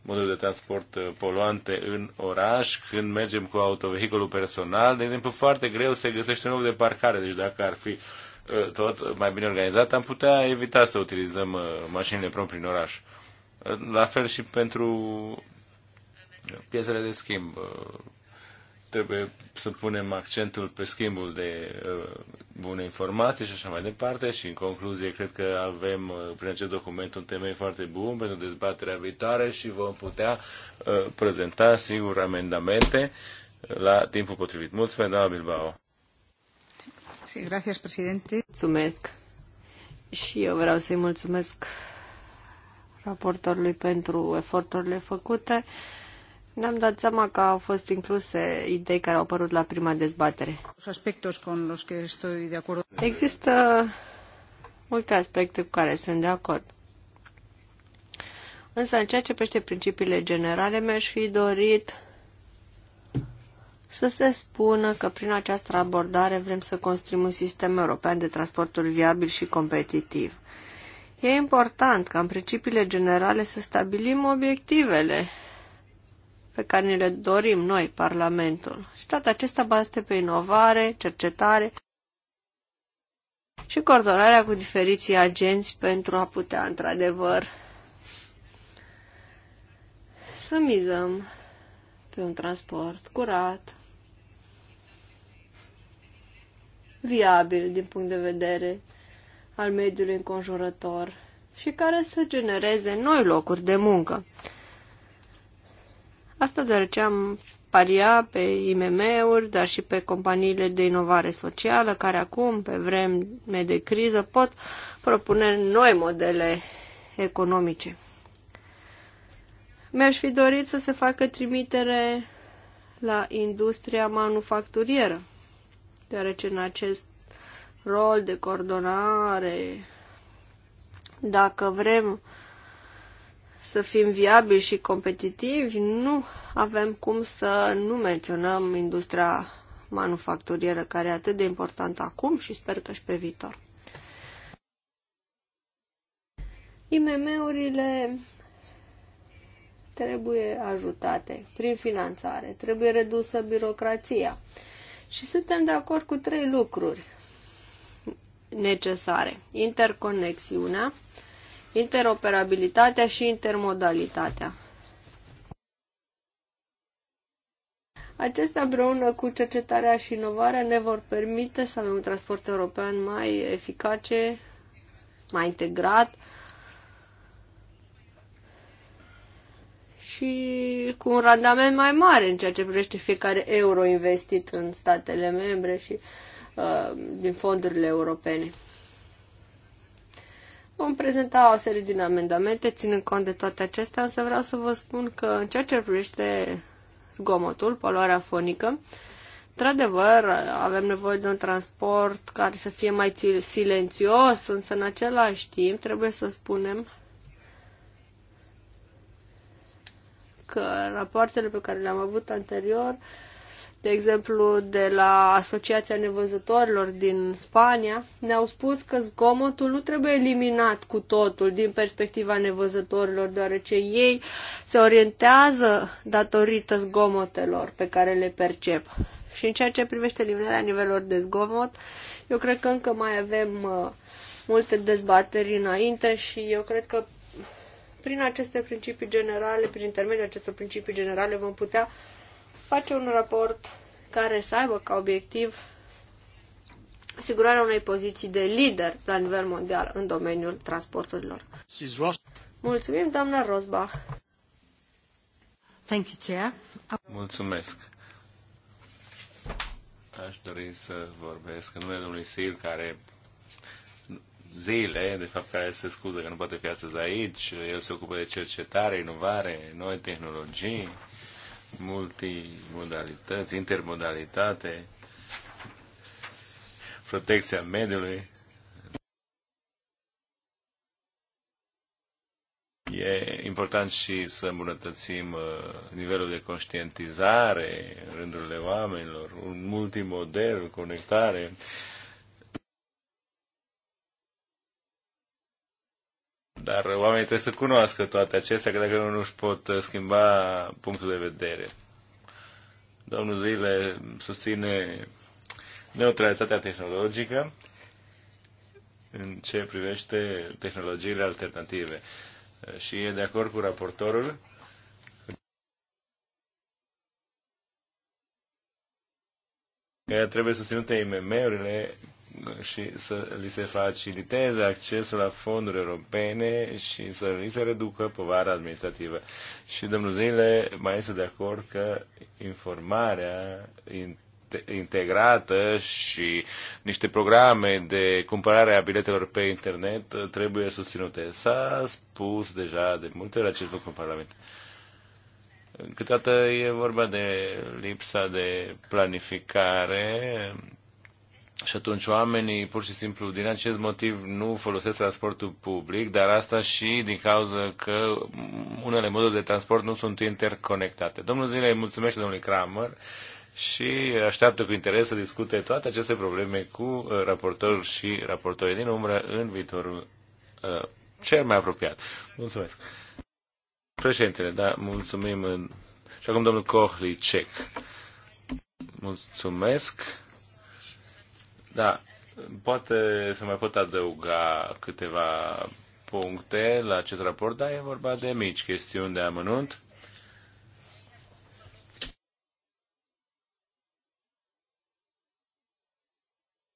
modul de transport uh, poluante în oraș, când mergem cu autovehiculul personal, de exemplu, foarte greu se găsește un loc de parcare, deci dacă ar fi uh, tot mai bine organizat, am putea evita să utilizăm uh, mașinile proprii în oraș. La fel și pentru piesele de schimb, trebuie să punem accentul pe schimbul de uh, bune informații și așa mai departe și în concluzie cred că avem uh, prin acest document un temei foarte bun pentru dezbaterea viitoare și vom putea uh, prezenta sigur amendamente la timpul potrivit. Mulțumesc, doamna Bilbao! gracias, Mulțumesc! Și eu vreau să-i mulțumesc raportorului pentru eforturile făcute. Ne-am dat seama că au fost incluse idei care au apărut la prima dezbatere. Există multe aspecte cu care sunt de acord. Însă, în ceea ce pește principiile generale, mi-aș fi dorit să se spună că prin această abordare vrem să construim un sistem european de transporturi viabil și competitiv. E important ca în principiile generale să stabilim obiectivele pe care ne le dorim noi, Parlamentul. Și toate acestea bazate pe inovare, cercetare și coordonarea cu diferiții agenți pentru a putea, într-adevăr, să mizăm pe un transport curat, viabil din punct de vedere al mediului înconjurător și care să genereze noi locuri de muncă. Asta deoarece am paria pe IMM-uri, dar și pe companiile de inovare socială, care acum, pe vreme de criză, pot propune noi modele economice. Mi-aș fi dorit să se facă trimitere la industria manufacturieră, deoarece în acest rol de coordonare, dacă vrem uh, să fim viabili și competitivi, nu avem cum să nu menționăm industria manufacturieră, care e atât de importantă acum și sper că și pe viitor. IMM-urile trebuie ajutate prin finanțare, trebuie redusă birocrația. Și suntem de acord cu trei lucruri necesare. Interconexiunea, interoperabilitatea și intermodalitatea. Acestea împreună cu cercetarea și inovarea ne vor permite să avem un transport european mai eficace, mai integrat și cu un randament mai mare în ceea ce privește fiecare euro investit în statele membre și uh, din fondurile europene. Vom prezenta o serie din amendamente, ținând cont de toate acestea, însă vreau să vă spun că în ceea ce privește zgomotul, poluarea fonică, într-adevăr avem nevoie de un transport care să fie mai silențios, însă în același timp trebuie să spunem că rapoartele pe care le-am avut anterior de exemplu, de la Asociația Nevăzătorilor din Spania, ne-au spus că zgomotul nu trebuie eliminat cu totul din perspectiva nevăzătorilor, deoarece ei se orientează datorită zgomotelor pe care le percep. Și în ceea ce privește eliminarea nivelor de zgomot, eu cred că încă mai avem uh, multe dezbateri înainte și eu cred că prin aceste principii generale, prin intermediul acestor principii generale, vom putea uh, face un raport care să aibă ca obiectiv asigurarea unei poziții de lider la nivel mondial în domeniul transporturilor. Mulțumim, doamna Rosbach. Thank you, Chair. Mulțumesc. Aș dori să vorbesc în numele domnului Sil, care zile, de fapt care se scuză că nu poate fi astăzi aici, el se ocupă de cercetare, inovare, noi tehnologii multimodalități, intermodalitate, protecția mediului. E important și să îmbunătățim uh, nivelul de conștientizare în rândurile oamenilor, un multimodel, conectare. Dar oamenii trebuie să cunoască toate acestea, că dacă nu, nu își pot uh, schimba punctul de vedere. Domnul Zile susține neutralitatea tehnologică în ce privește tehnologiile alternative. Uh, și e de acord cu raportorul că trebuie susținute IMM-urile și să li se faciliteze accesul la fonduri europene și să li se reducă povara administrativă. Și domnul Zile mai este de acord că informarea integrată și niște programe de cumpărare a biletelor pe internet trebuie susținute. S-a spus deja de multe ori acest lucru în Parlament. Câteodată e vorba de lipsa de planificare și atunci oamenii pur și simplu din acest motiv nu folosesc transportul public, dar asta și din cauza că unele moduri de transport nu sunt interconectate. Domnul Zile îi mulțumesc domnului Kramer și așteaptă cu interes să discute toate aceste probleme cu uh, raportorul și raportorii din umbră în viitorul uh, cel mai apropiat. Mulțumesc. Președintele, da, mulțumim. În... Și acum domnul Kohlicek. Mulțumesc. Da, poate să mai pot adăuga câteva puncte la acest raport, dar e vorba de mici chestiuni de amănunt.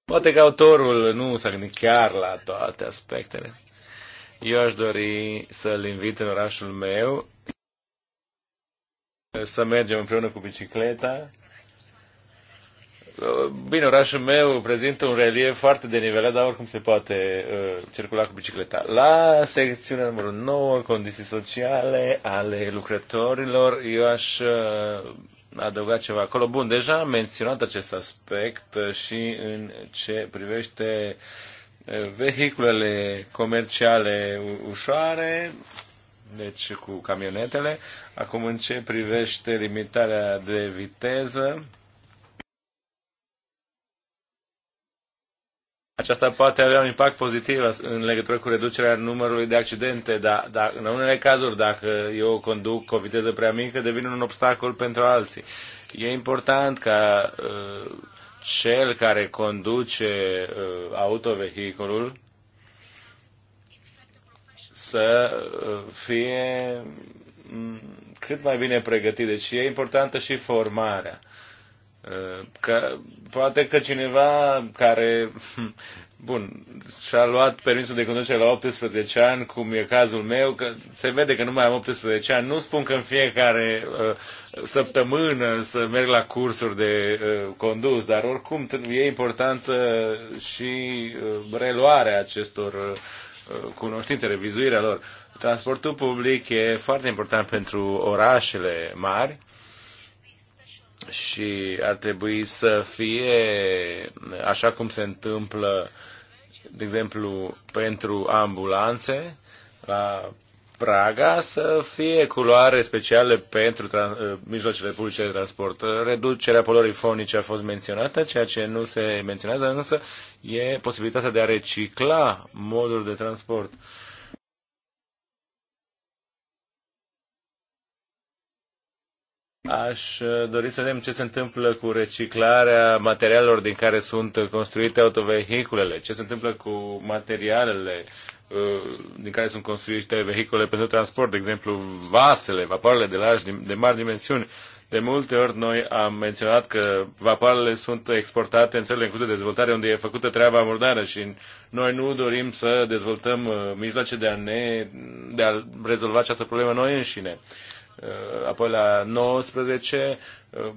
Poate că autorul nu s-a gândit chiar la toate aspectele. Eu aș dori să-l invit în orașul meu să mergem împreună cu bicicleta Uh, bine, orașul meu prezintă un relief foarte denivelat, dar oricum se poate uh, circula cu bicicleta. La secțiunea numărul 9, condiții sociale ale lucrătorilor, eu aș uh, adăuga ceva acolo. Bun, deja am menționat acest aspect uh, și în ce privește uh, vehiculele comerciale ușoare, deci cu camionetele. Acum în ce privește limitarea de viteză, Aceasta poate avea un impact pozitiv în legătură cu reducerea numărului de accidente, dar, dar în unele cazuri, dacă eu conduc cu o viteză prea mică, devine un obstacol pentru alții. E important ca uh, cel care conduce uh, autovehiculul să uh, fie mm, cât mai bine pregătit. Deci e importantă și formarea. Uh, Că, poate că cineva care Bun, și-a luat permisul de conducere la 18 ani, cum e cazul meu, că se vede că nu mai am 18 ani. Nu spun că în fiecare uh, săptămână să merg la cursuri de uh, condus, dar oricum e importantă uh, și uh, reluarea acestor uh, uh, cunoștințe, revizuirea lor. Transportul public e foarte important pentru orașele mari, și ar trebui să fie așa cum se întâmplă, de exemplu, pentru ambulanțe la Praga să fie culoare speciale pentru eh, mijloacele publice de transport. Reducerea polorii fonice a fost menționată, ceea ce nu se menționează, însă e posibilitatea de a recicla modul de transport. Uh, Aș uh, dori să vedem ce se întâmplă cu reciclarea materialelor din care sunt construite autovehiculele, ce se întâmplă cu materialele uh, din care sunt construite vehicule pentru transport, de exemplu vasele, vapoarele de, largi, de mari dimensiuni. De multe ori noi am menționat că vapoarele sunt exportate în țările în curs de dezvoltare unde e făcută treaba murdară și noi nu dorim să dezvoltăm uh, mijloace de a, ne, de a rezolva această problemă noi înșine. Uh, Uh, apoi la 19 uh,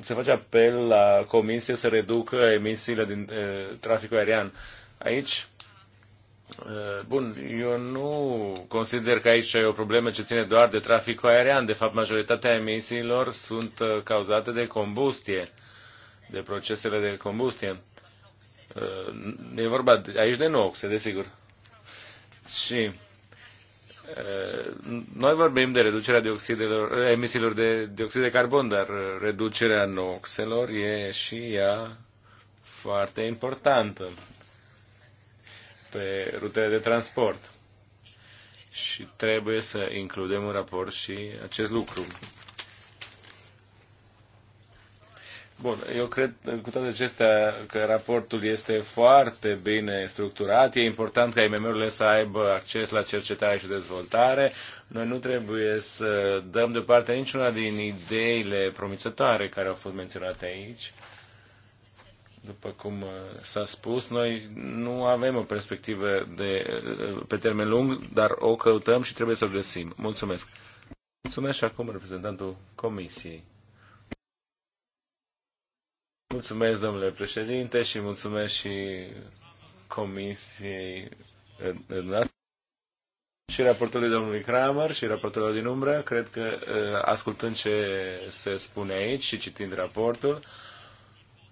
se face apel la comisie să reducă emisiile din uh, traficul aerian. Aici, bun, eu nu consider că aici e o problemă ce ține doar de traficul aerian. De fapt, majoritatea emisiilor sunt cauzate de combustie, de procesele de combustie. E vorba aici de noxe, desigur. Și Eh, noi vorbim de reducerea eh, emisiilor de dioxid de carbon, dar eh, reducerea noxelor e și ea foarte importantă pe rutele de transport. Și trebuie să includem în raport și acest lucru. Bun, eu cred cu toate acestea că raportul este foarte bine structurat. E important ca IMM-urile să aibă acces la cercetare și dezvoltare. Noi nu trebuie să dăm deoparte niciuna din ideile promițătoare care au fost menționate aici. După cum uh, s-a spus, noi nu avem o perspectivă de, uh, pe termen lung, dar o căutăm și trebuie să o găsim. Mulțumesc. Mulțumesc și acum reprezentantul Comisiei. Mulțumesc, domnule președinte, și mulțumesc și comisiei eh, și raportului domnului Kramer și raportul din umbră. Cred că, eh, ascultând ce se spune aici și citind raportul,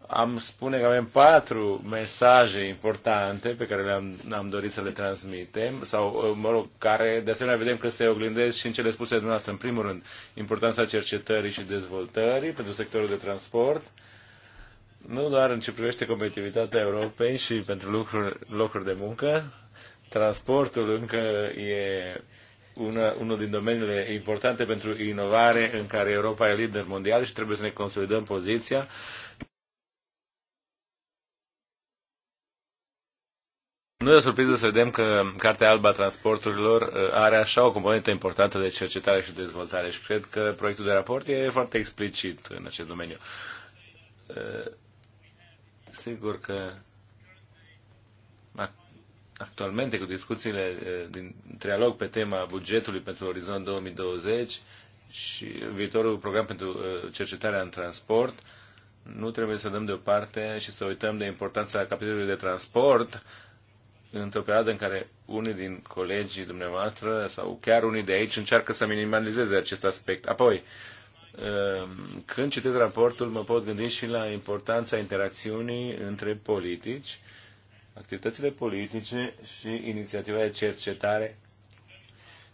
am spune că avem patru mesaje importante pe care le-am am dorit să le transmitem, sau, eh, mă rog, care de asemenea vedem că se oglindesc și în cele spuse dumneavoastră. În primul rând, importanța cercetării și dezvoltării pentru sectorul de transport, uh, nu doar în ce privește competitivitatea Europei și pentru lucruri, locuri de muncă, transportul încă e una, unul din domeniile importante pentru inovare în care Europa e lider mondial și trebuie să ne consolidăm poziția. Nu e o surpriză să vedem că Cartea Alba a Transporturilor uh, are așa o componentă importantă de cercetare și dezvoltare și cred că proiectul de raport e foarte explicit în acest domeniu. Uh, Sigur că actualmente cu discuțiile din trialog pe tema bugetului pentru Orizont 2020 și viitorul program pentru cercetarea în transport, nu trebuie să dăm deoparte și să uităm de importanța capitolului de transport într-o perioadă în care unii din colegii dumneavoastră sau chiar unii de aici încearcă să minimalizeze acest aspect. Apoi, uh, Ehm, când citesc raportul, mă pot gândi și la importanța interacțiunii între politici, activitățile politice și inițiativa de cercetare.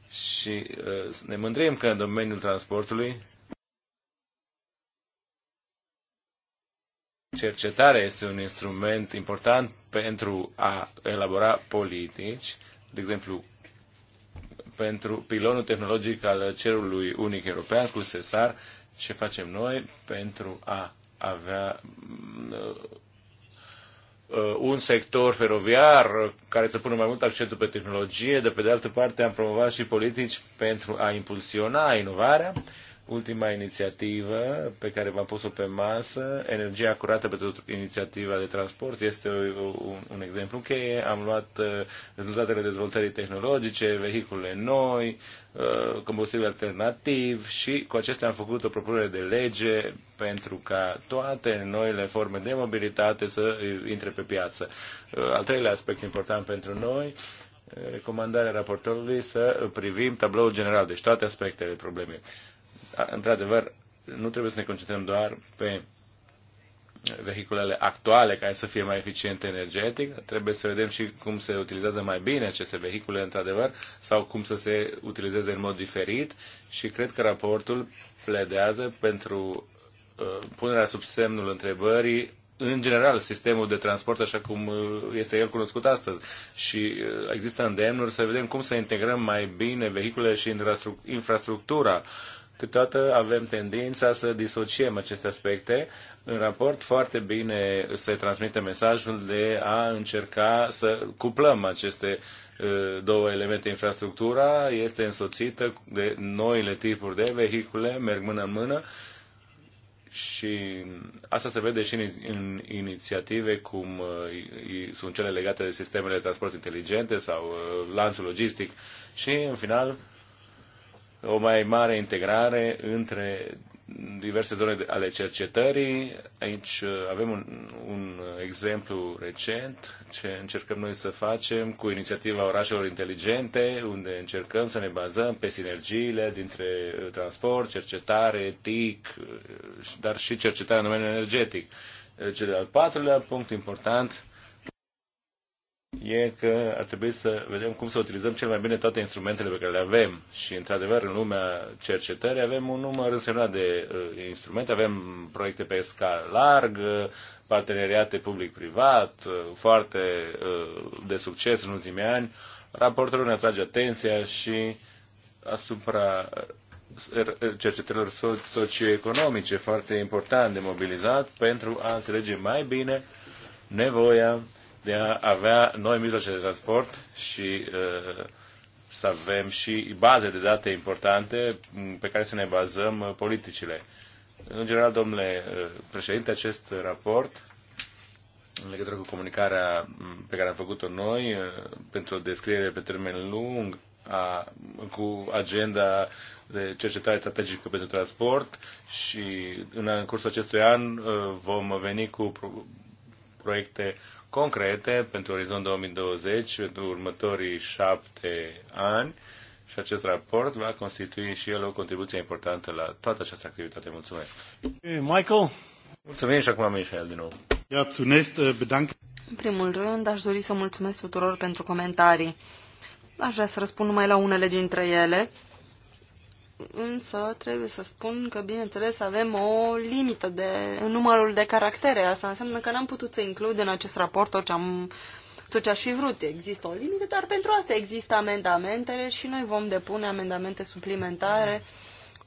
Și ehm, ne mândrim că în domeniul transportului cercetarea este un instrument important pentru a elabora politici, de exemplu, pentru pilonul tehnologic al cerului unic european cu SESAR, ce facem noi pentru a avea uh, un sector feroviar care să pună mai mult accentul pe tehnologie, de pe de altă parte am promovat și politici pentru a impulsiona inovarea ultima inițiativă pe care v-am pus-o pe masă, energia curată pentru inițiativa de transport, este un, un exemplu cheie. Am luat uh, rezultatele dezvoltării tehnologice, vehicule noi, uh, combustibil alternativ și cu acestea am făcut o propunere de lege pentru ca toate noile forme de mobilitate să uh, intre pe piață. Al treilea aspect important pentru noi recomandarea raportorului să privim tabloul general, deci toate aspectele problemei într-adevăr, nu trebuie să ne concentrăm doar pe vehiculele actuale care să fie mai eficiente energetic, trebuie să vedem și cum se utilizează mai bine aceste vehicule, într-adevăr, sau cum să se utilizeze în mod diferit și cred că raportul pledează pentru uh, punerea sub semnul întrebării în general sistemul de transport așa cum uh, este el cunoscut astăzi și uh, există îndemnuri să vedem cum să integrăm mai bine vehiculele și infrastructura uh, Câteodată avem tendința să disociem aceste aspecte. În raport foarte bine se transmite mesajul de a încerca să cuplăm aceste uh, două elemente. Infrastructura este însoțită de noile tipuri de vehicule, merg mână în mână și asta se vede și în, inițiative cum uh, sunt cele legate de sistemele de transport inteligente sau uh, lanțul logistic. Și, în final, o mai mare integrare între diverse zone ale cercetării. Aici uh, avem un, un exemplu recent ce încercăm noi să facem cu inițiativa orașelor inteligente, unde încercăm să ne bazăm pe sinergiile dintre uh, transport, cercetare, TIC, uh, dar și cercetarea în domeniul energetic. Cel de-al patrulea punct important e că ar trebui să vedem cum să utilizăm cel mai bine toate instrumentele pe care le avem. Și, într-adevăr, în lumea cercetării avem un număr însemnat de uh, instrumente, avem proiecte pe scară largă, parteneriate public-privat, uh, foarte uh, de succes în ultimii ani. Raportul ne atrage atenția și asupra uh, er, uh, cercetărilor socioeconomice foarte important de mobilizat pentru a înțelege mai bine nevoia de a avea noi mijloace de transport și uh, să avem și baze de date importante mm, pe care să ne bazăm uh, politicile. În general, domnule uh, președinte, acest raport în legătură cu comunicarea mm, pe care am făcut-o noi uh, pentru o descriere pe termen lung a, cu agenda de cercetare strategică pentru transport și în, în cursul acestui an vom veni cu pro, proiecte concrete pentru Orizont 2020 pentru următorii șapte ani și acest raport va constitui și el o contribuție importantă la toată această activitate. Mulțumesc! Michael! Mulțumim și acum Michel din nou. Ja, zunest, äh, bedank. În primul rând, aș dori să mulțumesc tuturor pentru comentarii. Aș vrea să răspund numai la unele dintre ele însă trebuie să spun că, bineînțeles, avem o limită de numărul de caractere. Asta înseamnă că n-am putut să includ în acest raport tot ce, am, tot ce aș fi vrut. Există o limită, dar pentru asta există amendamentele și noi vom depune amendamente suplimentare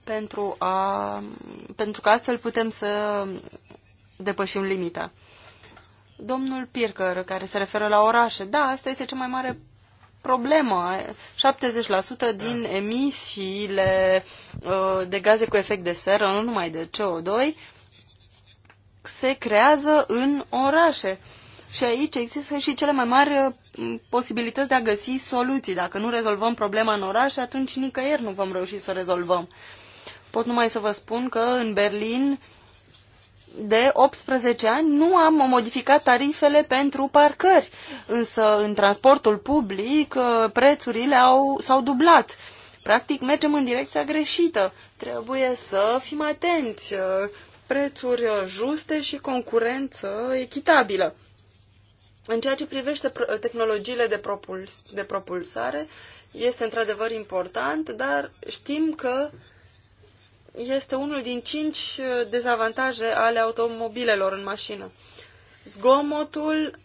pentru, a, pentru că astfel putem să depășim limita. Domnul Pircăr, care se referă la orașe, da, asta este cea mai mare problemă. 70% din da. emisiile uh, de gaze cu efect de seră, nu numai de CO2, se creează în orașe. Și aici există și cele mai mari uh, posibilități de a găsi soluții. Dacă nu rezolvăm problema în oraș, atunci nicăieri nu vom reuși să o rezolvăm. Pot numai să vă spun că în Berlin de 18 ani nu am modificat tarifele pentru parcări, însă în transportul public uh, prețurile au, s-au dublat. Practic mergem în direcția greșită. Trebuie să fim atenți, uh, prețuri uh, juste și concurență echitabilă. În ceea ce privește tehnologiile de, propuls- de propulsare, este într-adevăr important, dar știm că uh, este unul din cinci uh, dezavantaje ale automobilelor în mașină. Zgomotul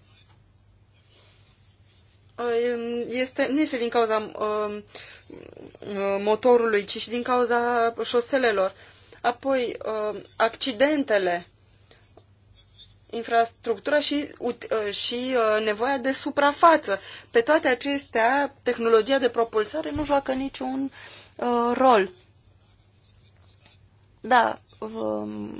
uh, este, nu este din cauza um, uh, motorului, ci și din cauza șoselelor. Apoi, um, accidentele, infrastructura și, și nevoia de suprafață. Pe toate acestea, tehnologia de propulsare nu joacă niciun rol. Da, um,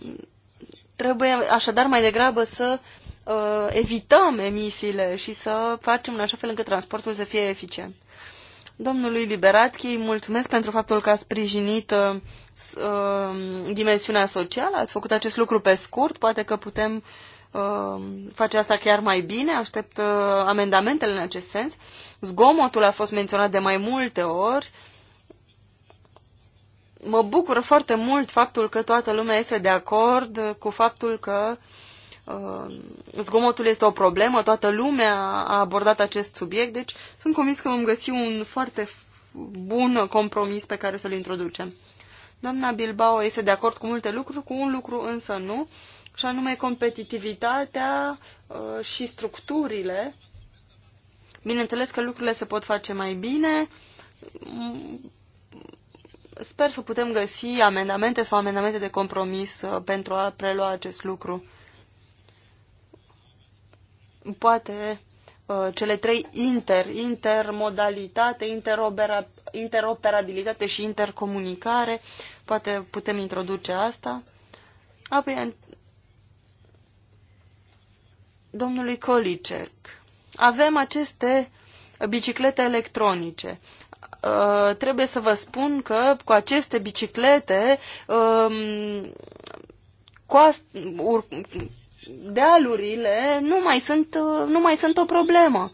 trebuie așadar mai degrabă să uh, evităm emisiile și să facem în așa fel încât transportul să fie eficient. Domnului Liberatchi, mulțumesc pentru faptul că a sprijinit uh, uh, dimensiunea socială, ați făcut acest lucru pe scurt, poate că putem uh, face asta chiar mai bine, aștept uh, amendamentele în acest sens. Zgomotul a fost menționat de mai multe ori, uh, mă bucură foarte mult faptul că toată lumea este de acord cu faptul că uh, zgomotul este o problemă, toată lumea a abordat acest subiect, deci sunt convins că vom găsi un foarte bun compromis pe care să-l introducem. Doamna Bilbao este de acord cu multe lucruri, cu un lucru însă nu, și anume competitivitatea uh, și structurile. Bineînțeles că lucrurile se pot face mai bine, Sper să putem găsi amendamente sau amendamente de compromis uh, pentru a prelua acest lucru. Poate uh, cele trei inter, intermodalitate, interoperabilitate și intercomunicare, poate putem introduce asta. Apoi, domnului Colicec, avem aceste biciclete electronice. Uh, trebuie să vă spun că cu aceste biciclete um, dealurile nu mai, sunt, uh, nu mai sunt o problemă.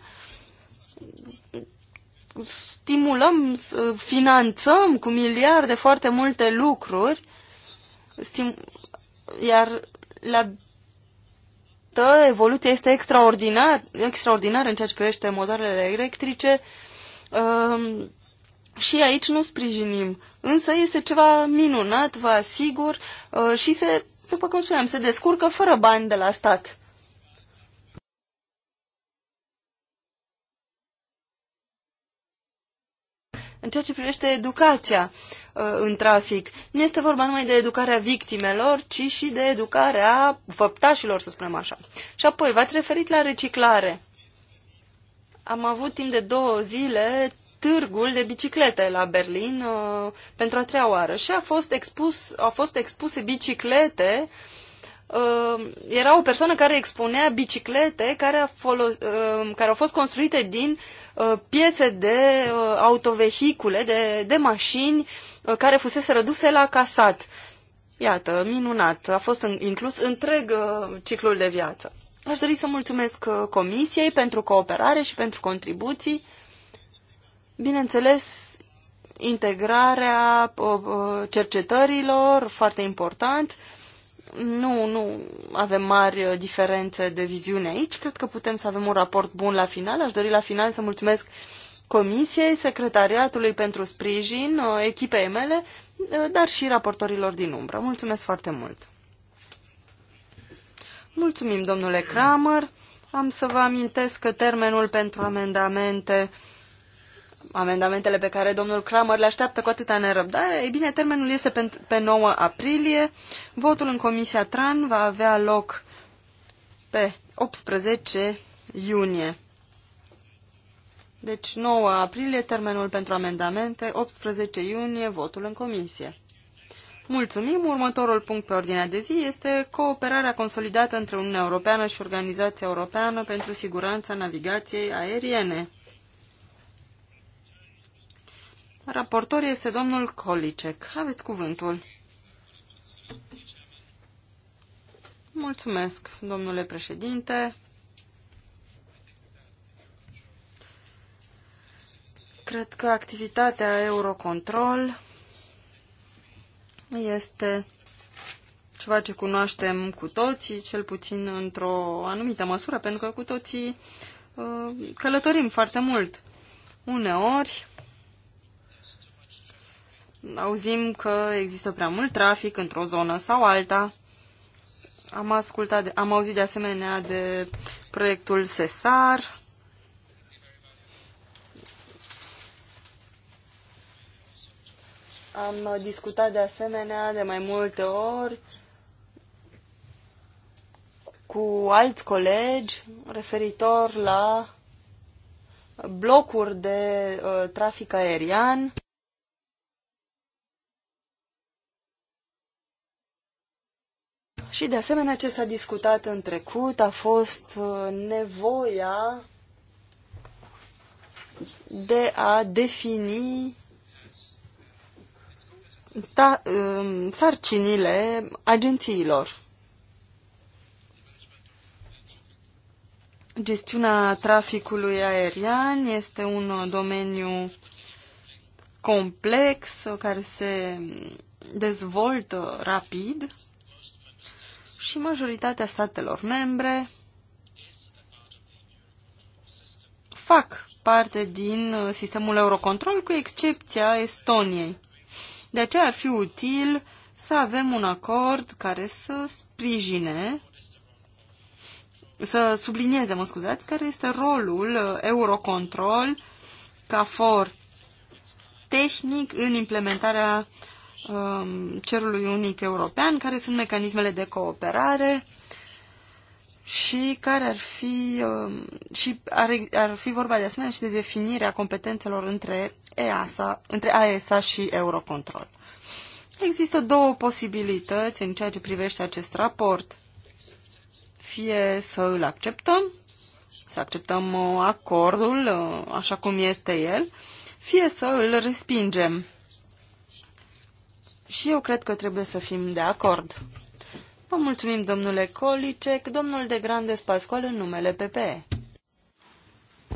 Stimulăm, uh, finanțăm cu miliarde foarte multe lucruri, stim, iar la arată, evoluția este extraordinar, extraordinară în ceea ce privește motoarele electrice. Uh, și aici nu sprijinim. Însă este ceva minunat, vă asigur, uh, și se, după cum spuneam, se descurcă fără bani de la stat. În ceea ce privește educația uh, în trafic, nu este vorba numai de educarea victimelor, ci și de educarea făptașilor, să spunem așa. Și apoi, v-ați referit la reciclare. Am avut timp de două zile târgul de biciclete la Berlin uh, pentru a treia oară și a fost expus, au fost expuse biciclete. Uh, era o persoană care expunea biciclete care, a folos, uh, care au fost construite din uh, piese de uh, autovehicule, de, de mașini uh, care fusese răduse la casat. Iată, minunat, a fost în, inclus întreg uh, ciclul de viață. Aș dori să mulțumesc uh, Comisiei pentru cooperare și pentru contribuții. Bineînțeles, integrarea cercetărilor, foarte important. Nu, nu avem mari uh, diferențe de viziune aici. Cred că putem să avem un raport bun la final. Aș dori la final să mulțumesc Comisiei, Secretariatului pentru Sprijin, uh, echipei mele, uh, dar și raportorilor din umbră. Mulțumesc foarte mult! Mulțumim, domnule Kramer. Am să vă amintesc că termenul pentru amendamente amendamentele pe care domnul Kramer le așteaptă cu atâta nerăbdare. Ei bine, termenul este pe, 9 aprilie. Votul în Comisia TRAN va avea loc pe 18 iunie. Deci 9 aprilie termenul pentru amendamente, 18 iunie votul în comisie. Mulțumim! Următorul punct pe ordinea de zi este cooperarea consolidată între Uniunea Europeană și Organizația Europeană pentru Siguranța Navigației Aeriene. Raportor este domnul Kolicek. Aveți cuvântul. Mulțumesc, domnule președinte. Cred că activitatea Eurocontrol este ceva ce cunoaștem cu toții, cel puțin într-o anumită măsură, pentru că cu toții uh, călătorim foarte mult. Uneori Auzim că există prea mult trafic într-o zonă sau alta. Am, ascultat, am auzit de asemenea de proiectul SESAR. Am discutat de asemenea de mai multe ori cu alți colegi referitor la blocuri de uh, trafic aerian. Și de asemenea ce s-a discutat în trecut a fost uh, nevoia de a defini ta, um, sarcinile agențiilor. Gestiunea traficului aerian este un domeniu complex care se dezvoltă rapid și majoritatea statelor membre fac parte din uh, sistemul Eurocontrol, cu excepția Estoniei. De aceea ar fi util să avem un acord care să sprijine, să sublinieze, mă scuzați, care este rolul uh, Eurocontrol ca for tehnic în implementarea Um, cerului unic european, care sunt mecanismele de cooperare și care ar fi, um, și ar, ar fi vorba de asemenea și de definirea competențelor între, EASA, între AESA și Eurocontrol. Există două posibilități în ceea ce privește acest raport. Fie să îl acceptăm, să acceptăm uh, acordul uh, așa cum este el, fie să îl respingem. Și eu cred că trebuie să fim de acord. Vă mulțumim, domnule Kolicek, domnul de grande Pascual în numele PPE.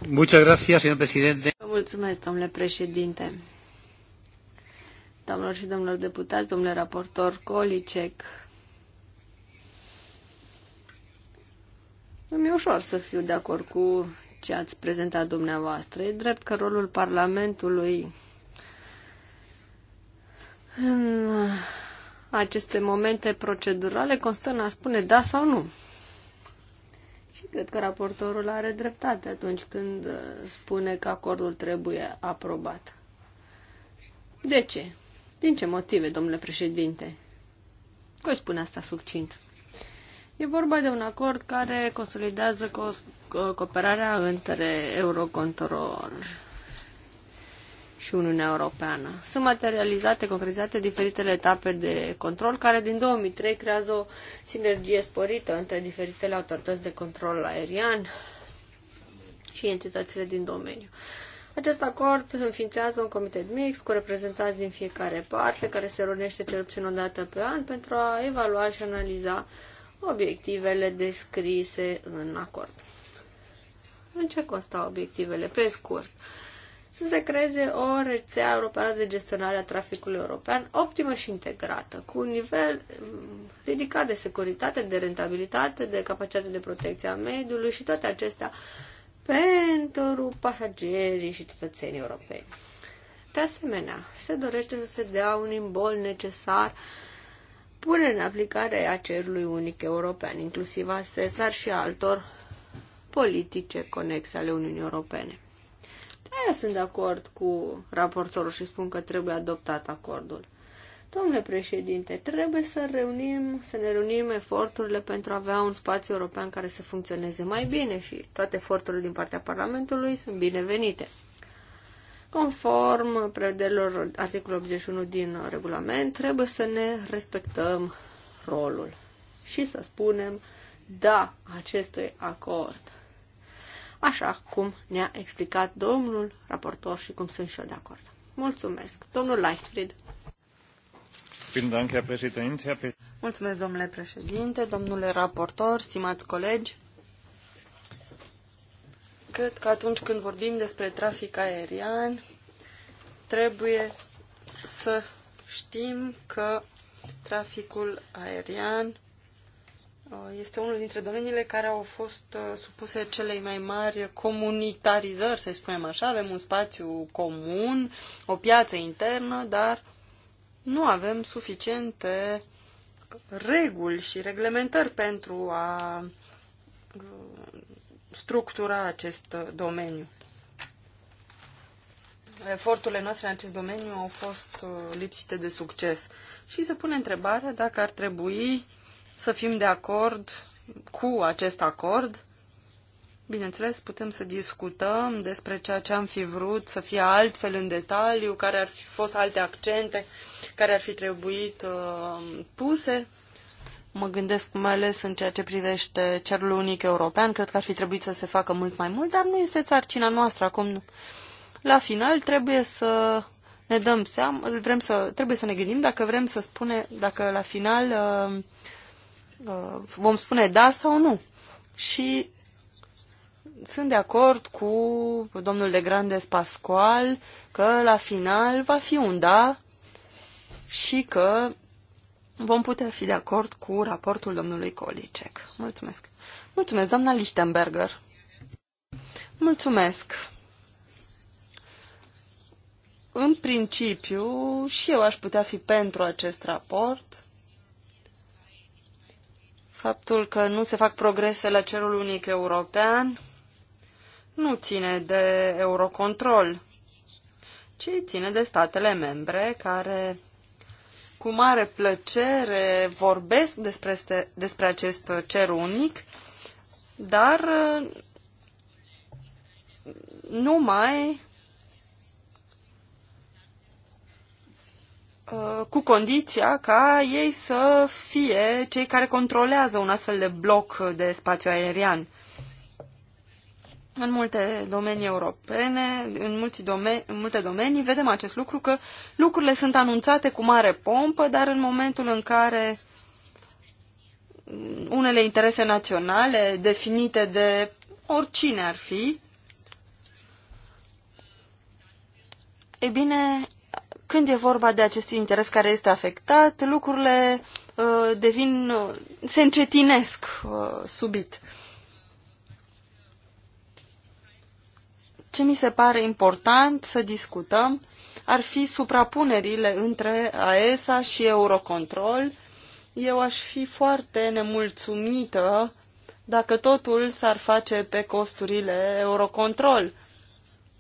Muchas gracias, señor presidente. Vă mulțumesc, domnule președinte. Domnilor și domnilor deputați, domnule raportor Kolicek, mi e ușor să fiu de acord cu ce ați prezentat dumneavoastră. E drept că rolul Parlamentului în uh, aceste momente procedurale constă în a spune da sau nu. Și cred că raportorul are dreptate atunci când uh, spune că acordul trebuie aprobat. De ce? Din ce motive, domnule președinte? Voi spune asta succint. E vorba de un acord care consolidează co- cooperarea între Eurocontrol și Uniunea Europeană. Sunt materializate, concretizate diferitele etape de control, care din 2003 creează o sinergie sporită între diferitele autorități de control aerian și entitățile din domeniu. Acest acord înființează un comitet mix cu reprezentanți din fiecare parte, care se reunește cel puțin o dată pe an pentru a evalua și analiza obiectivele descrise în acord. În ce constau obiectivele? Pe scurt, uh, să se creeze o rețea europeană de gestionare a traficului european optimă și integrată, cu un nivel mm, ridicat de securitate, de rentabilitate, de capacitate de protecție a mediului și toate acestea pentru pasagerii și cetățenii europeni. De asemenea, se dorește să se dea un imbol necesar pune în aplicare a cerului unic european, inclusiv a SESAR și a altor politice conexe ale Uniunii Europene. Aia sunt de acord cu raportorul și spun că trebuie adoptat acordul. Domnule președinte, trebuie să reunim, să ne reunim eforturile pentru a avea un spațiu european care să funcționeze mai bine și toate eforturile din partea Parlamentului sunt binevenite. Conform prevederilor articolul 81 din regulament, trebuie să ne respectăm rolul și să spunem da acestui acord așa cum ne-a explicat domnul raportor și cum sunt și eu de acord. Mulțumesc. Domnul Leichtfried. Mulțumesc, domnule președinte, domnule raportor, stimați colegi. Cred că atunci când vorbim despre trafic aerian, trebuie să știm că traficul aerian Uh, este unul dintre domeniile care au fost uh, supuse celei mai mari comunitarizări, să spunem așa. Avem un spațiu comun, o piață internă, dar nu avem suficiente reguli și reglementări pentru a uh, structura acest domeniu. Eforturile noastre în acest domeniu au fost lipsite de succes și se pune întrebarea dacă ar trebui să fim de acord cu acest acord. Bineînțeles, putem să discutăm despre ceea ce am fi vrut să fie altfel în detaliu, care ar fi fost alte accente care ar fi trebuit uh, puse. Mă gândesc mai ales în ceea ce privește cerul unic european. Cred că ar fi trebuit să se facă mult mai mult, dar nu este sarcina noastră acum. La final trebuie să ne dăm seama, vrem să, trebuie să ne gândim dacă vrem să spune, dacă la final uh, Uh, vom spune da sau nu. Și sunt de acord cu domnul de Grandes Pascual că la final va fi un da și că vom putea fi de acord cu raportul domnului Kolicek. Mulțumesc. Mulțumesc, doamna Lichtenberger. Mulțumesc. În principiu, și eu aș putea fi pentru acest raport, Faptul că nu se fac progrese la cerul unic european nu ține de Eurocontrol, ci ține de statele membre care cu mare plăcere vorbesc despre, este, despre acest cer unic, dar numai Uh, cu condiția ca ei să fie cei care controlează un astfel de bloc de spațiu aerian. În multe domenii europene, în, mulți domenii, în multe domenii, vedem acest lucru că lucrurile sunt anunțate cu mare pompă, dar în momentul în care unele interese naționale definite de oricine ar fi, e bine, când e vorba de acest interes care este afectat, lucrurile uh, devin, uh, se încetinesc uh, subit. Ce mi se pare important să discutăm ar fi suprapunerile între AESA și Eurocontrol. Eu aș fi foarte nemulțumită dacă totul s-ar face pe costurile Eurocontrol.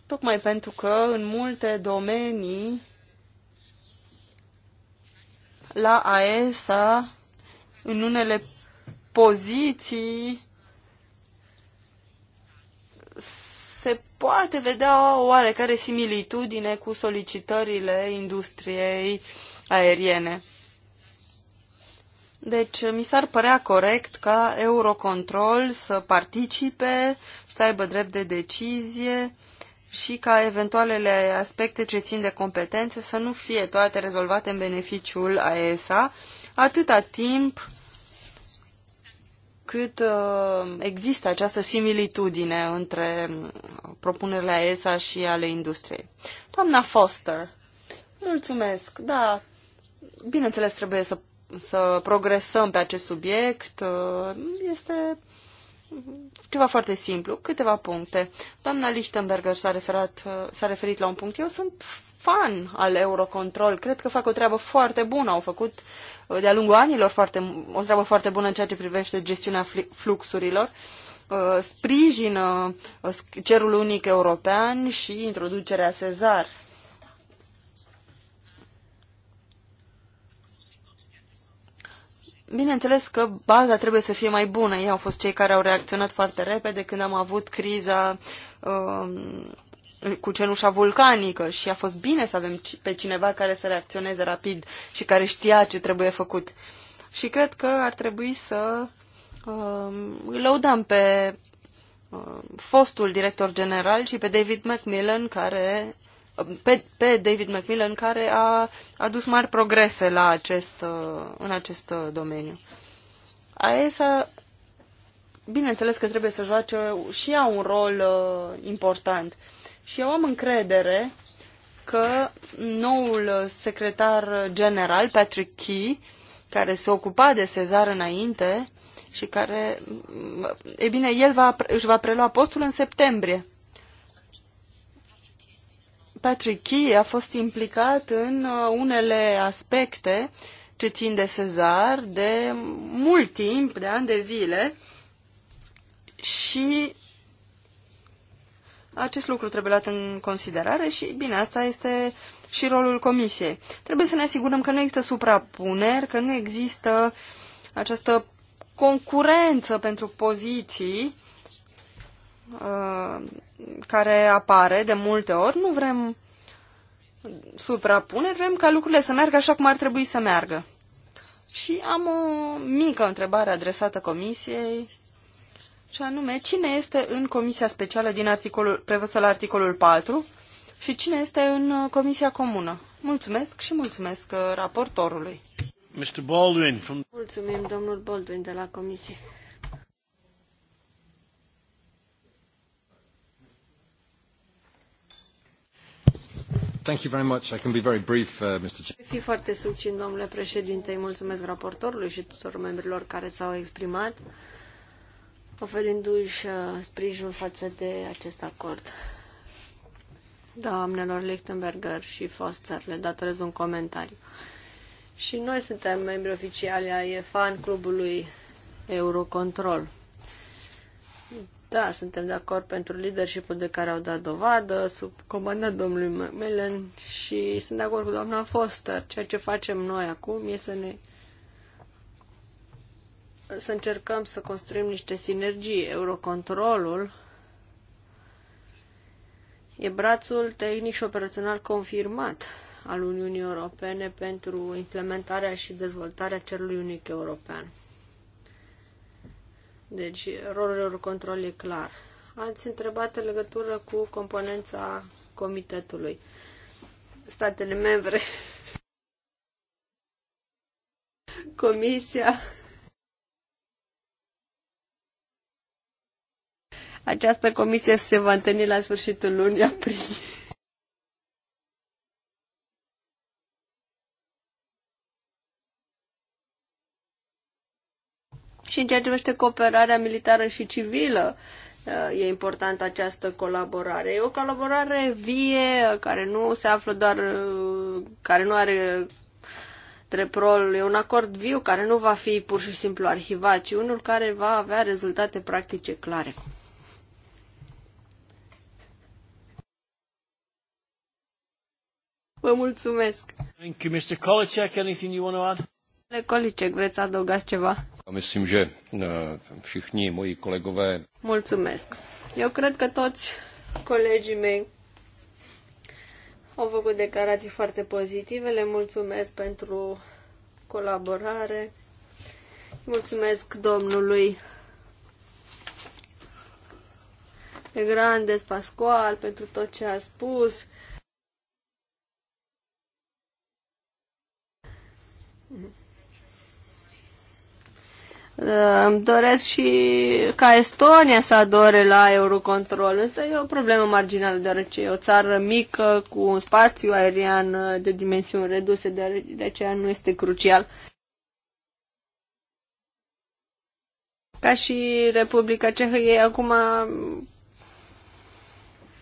Tocmai pentru că în multe domenii la AESA în unele poziții se poate vedea o oarecare similitudine cu solicitările industriei aeriene. Deci mi s-ar părea corect ca Eurocontrol să participe, să aibă drept de decizie și ca eventualele aspecte ce țin de competențe să nu fie toate rezolvate în beneficiul AESA, atâta timp cât uh, există această similitudine între uh, propunerile AESA și ale industriei. Doamna Foster, mulțumesc, da, bineînțeles trebuie să, să progresăm pe acest subiect, uh, este ceva foarte simplu, câteva puncte. Doamna Lichtenberger s-a, referat, s-a referit la un punct. Eu sunt fan al Eurocontrol. Cred că fac o treabă foarte bună. Au făcut de-a lungul anilor foarte, o treabă foarte bună în ceea ce privește gestiunea fluxurilor. Uh, sprijină uh, cerul unic european și introducerea Sezar. Bineînțeles că baza trebuie să fie mai bună. Ei au fost cei care au reacționat foarte repede când am avut criza uh, cu cenușa vulcanică și a fost bine să avem pe cineva care să reacționeze rapid și care știa ce trebuie făcut. Și cred că ar trebui să uh, lăudăm pe uh, fostul director general și pe David Macmillan care pe, pe David Macmillan, care a adus mari progrese la acest, uh, în acest uh, domeniu. AESA, bineînțeles că trebuie să joace și ea un rol uh, important. Și eu am încredere că noul secretar general, Patrick Key, care se ocupa de Sezar înainte și care, e bine, el va, își va prelua postul în septembrie. Patrick Key a fost implicat în uh, unele aspecte ce țin de Sezar de mult timp, de ani de zile și acest lucru trebuie luat în considerare și, bine, asta este și rolul comisiei. Trebuie să ne asigurăm că nu există suprapuneri, că nu există această concurență pentru poziții uh, care apare de multe ori. Nu vrem suprapune, vrem ca lucrurile să meargă așa cum ar trebui să meargă. Și am o mică întrebare adresată comisiei, și anume, cine este în comisia specială din articolul, prevăzută la articolul 4 și cine este în uh, comisia comună? Mulțumesc și mulțumesc uh, raportorului. Mr. Baldwin from... Mulțumim, domnul Baldwin de la comisie. Thank Fi foarte succint, domnule președinte. Îi mulțumesc raportorului și tuturor membrilor care s-au exprimat, oferindu-și uh, sprijinul față de acest acord. Doamnelor Lichtenberger și Foster, le datorez un comentariu. Și noi suntem membri oficiali ai fan clubului Eurocontrol. Da, suntem de acord pentru leadership de care au dat dovadă, sub comanda domnului Macmillan și sunt de acord cu doamna Foster. Ceea ce facem noi acum e să ne să încercăm să construim niște sinergii. Eurocontrolul e brațul tehnic și operațional confirmat al Uniunii Europene pentru implementarea și dezvoltarea cerului unic european. Deci, rolul control e clar. Ați întrebat în legătură cu componența comitetului. Statele membre, comisia, această comisie se va întâlni la sfârșitul lunii aprilie. Și în ceea ce privește cooperarea militară și civilă, uh, e importantă această colaborare. E o colaborare vie, care nu se află doar, uh, care nu are drept rol, e un acord viu care nu va fi pur și simplu arhivat, ci unul care va avea rezultate practice clare. Vă mulțumesc! Thank you, Mr. Kolicek. Anything you want to add? Kolicek, vreți să adăugați ceva? Myslím, že eh, všichni moji kolegové... Mulțumesc. Eu cred că toți colegii mei au făcut declarații foarte pozitive. Le mulțumesc pentru colaborare. Mulțumesc domnului Grandes Pascual pentru tot ce a spus. Mm-hmm. Îmi doresc și ca Estonia să adore la Eurocontrol, însă e o problemă marginală, deoarece e o țară mică cu un spațiu aerian de dimensiuni reduse, de aceea nu este crucial. Ca și Republica Cehă, ei acum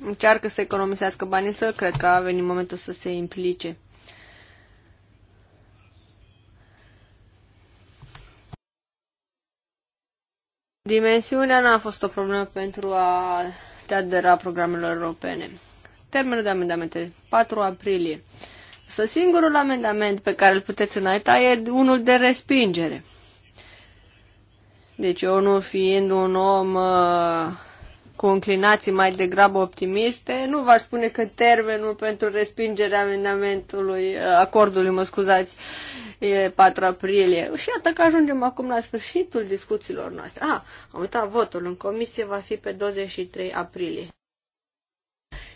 încearcă să economisească bani, să cred că a venit momentul să se implice. Dimensiunea n-a fost o problemă pentru a te adera programelor europene. Termenul de amendamente, 4 aprilie. Să singurul amendament pe care îl puteți înainta e unul de respingere. Deci eu nu fiind un om uh, cu înclinații mai degrabă optimiste, nu v-aș spune că termenul pentru respingerea amendamentului, uh, acordului, mă scuzați, e 4 aprilie. Și iată că ajungem acum la sfârșitul discuțiilor noastre. Ah, am uitat votul în comisie va fi pe 23 aprilie.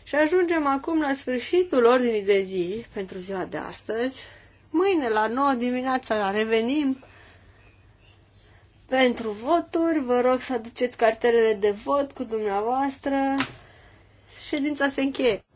Și ajungem acum la sfârșitul ordinii de zi pentru ziua de astăzi. Mâine la 9 dimineața revenim pentru voturi. Vă rog să aduceți cartelele de vot cu dumneavoastră. Ședința se încheie.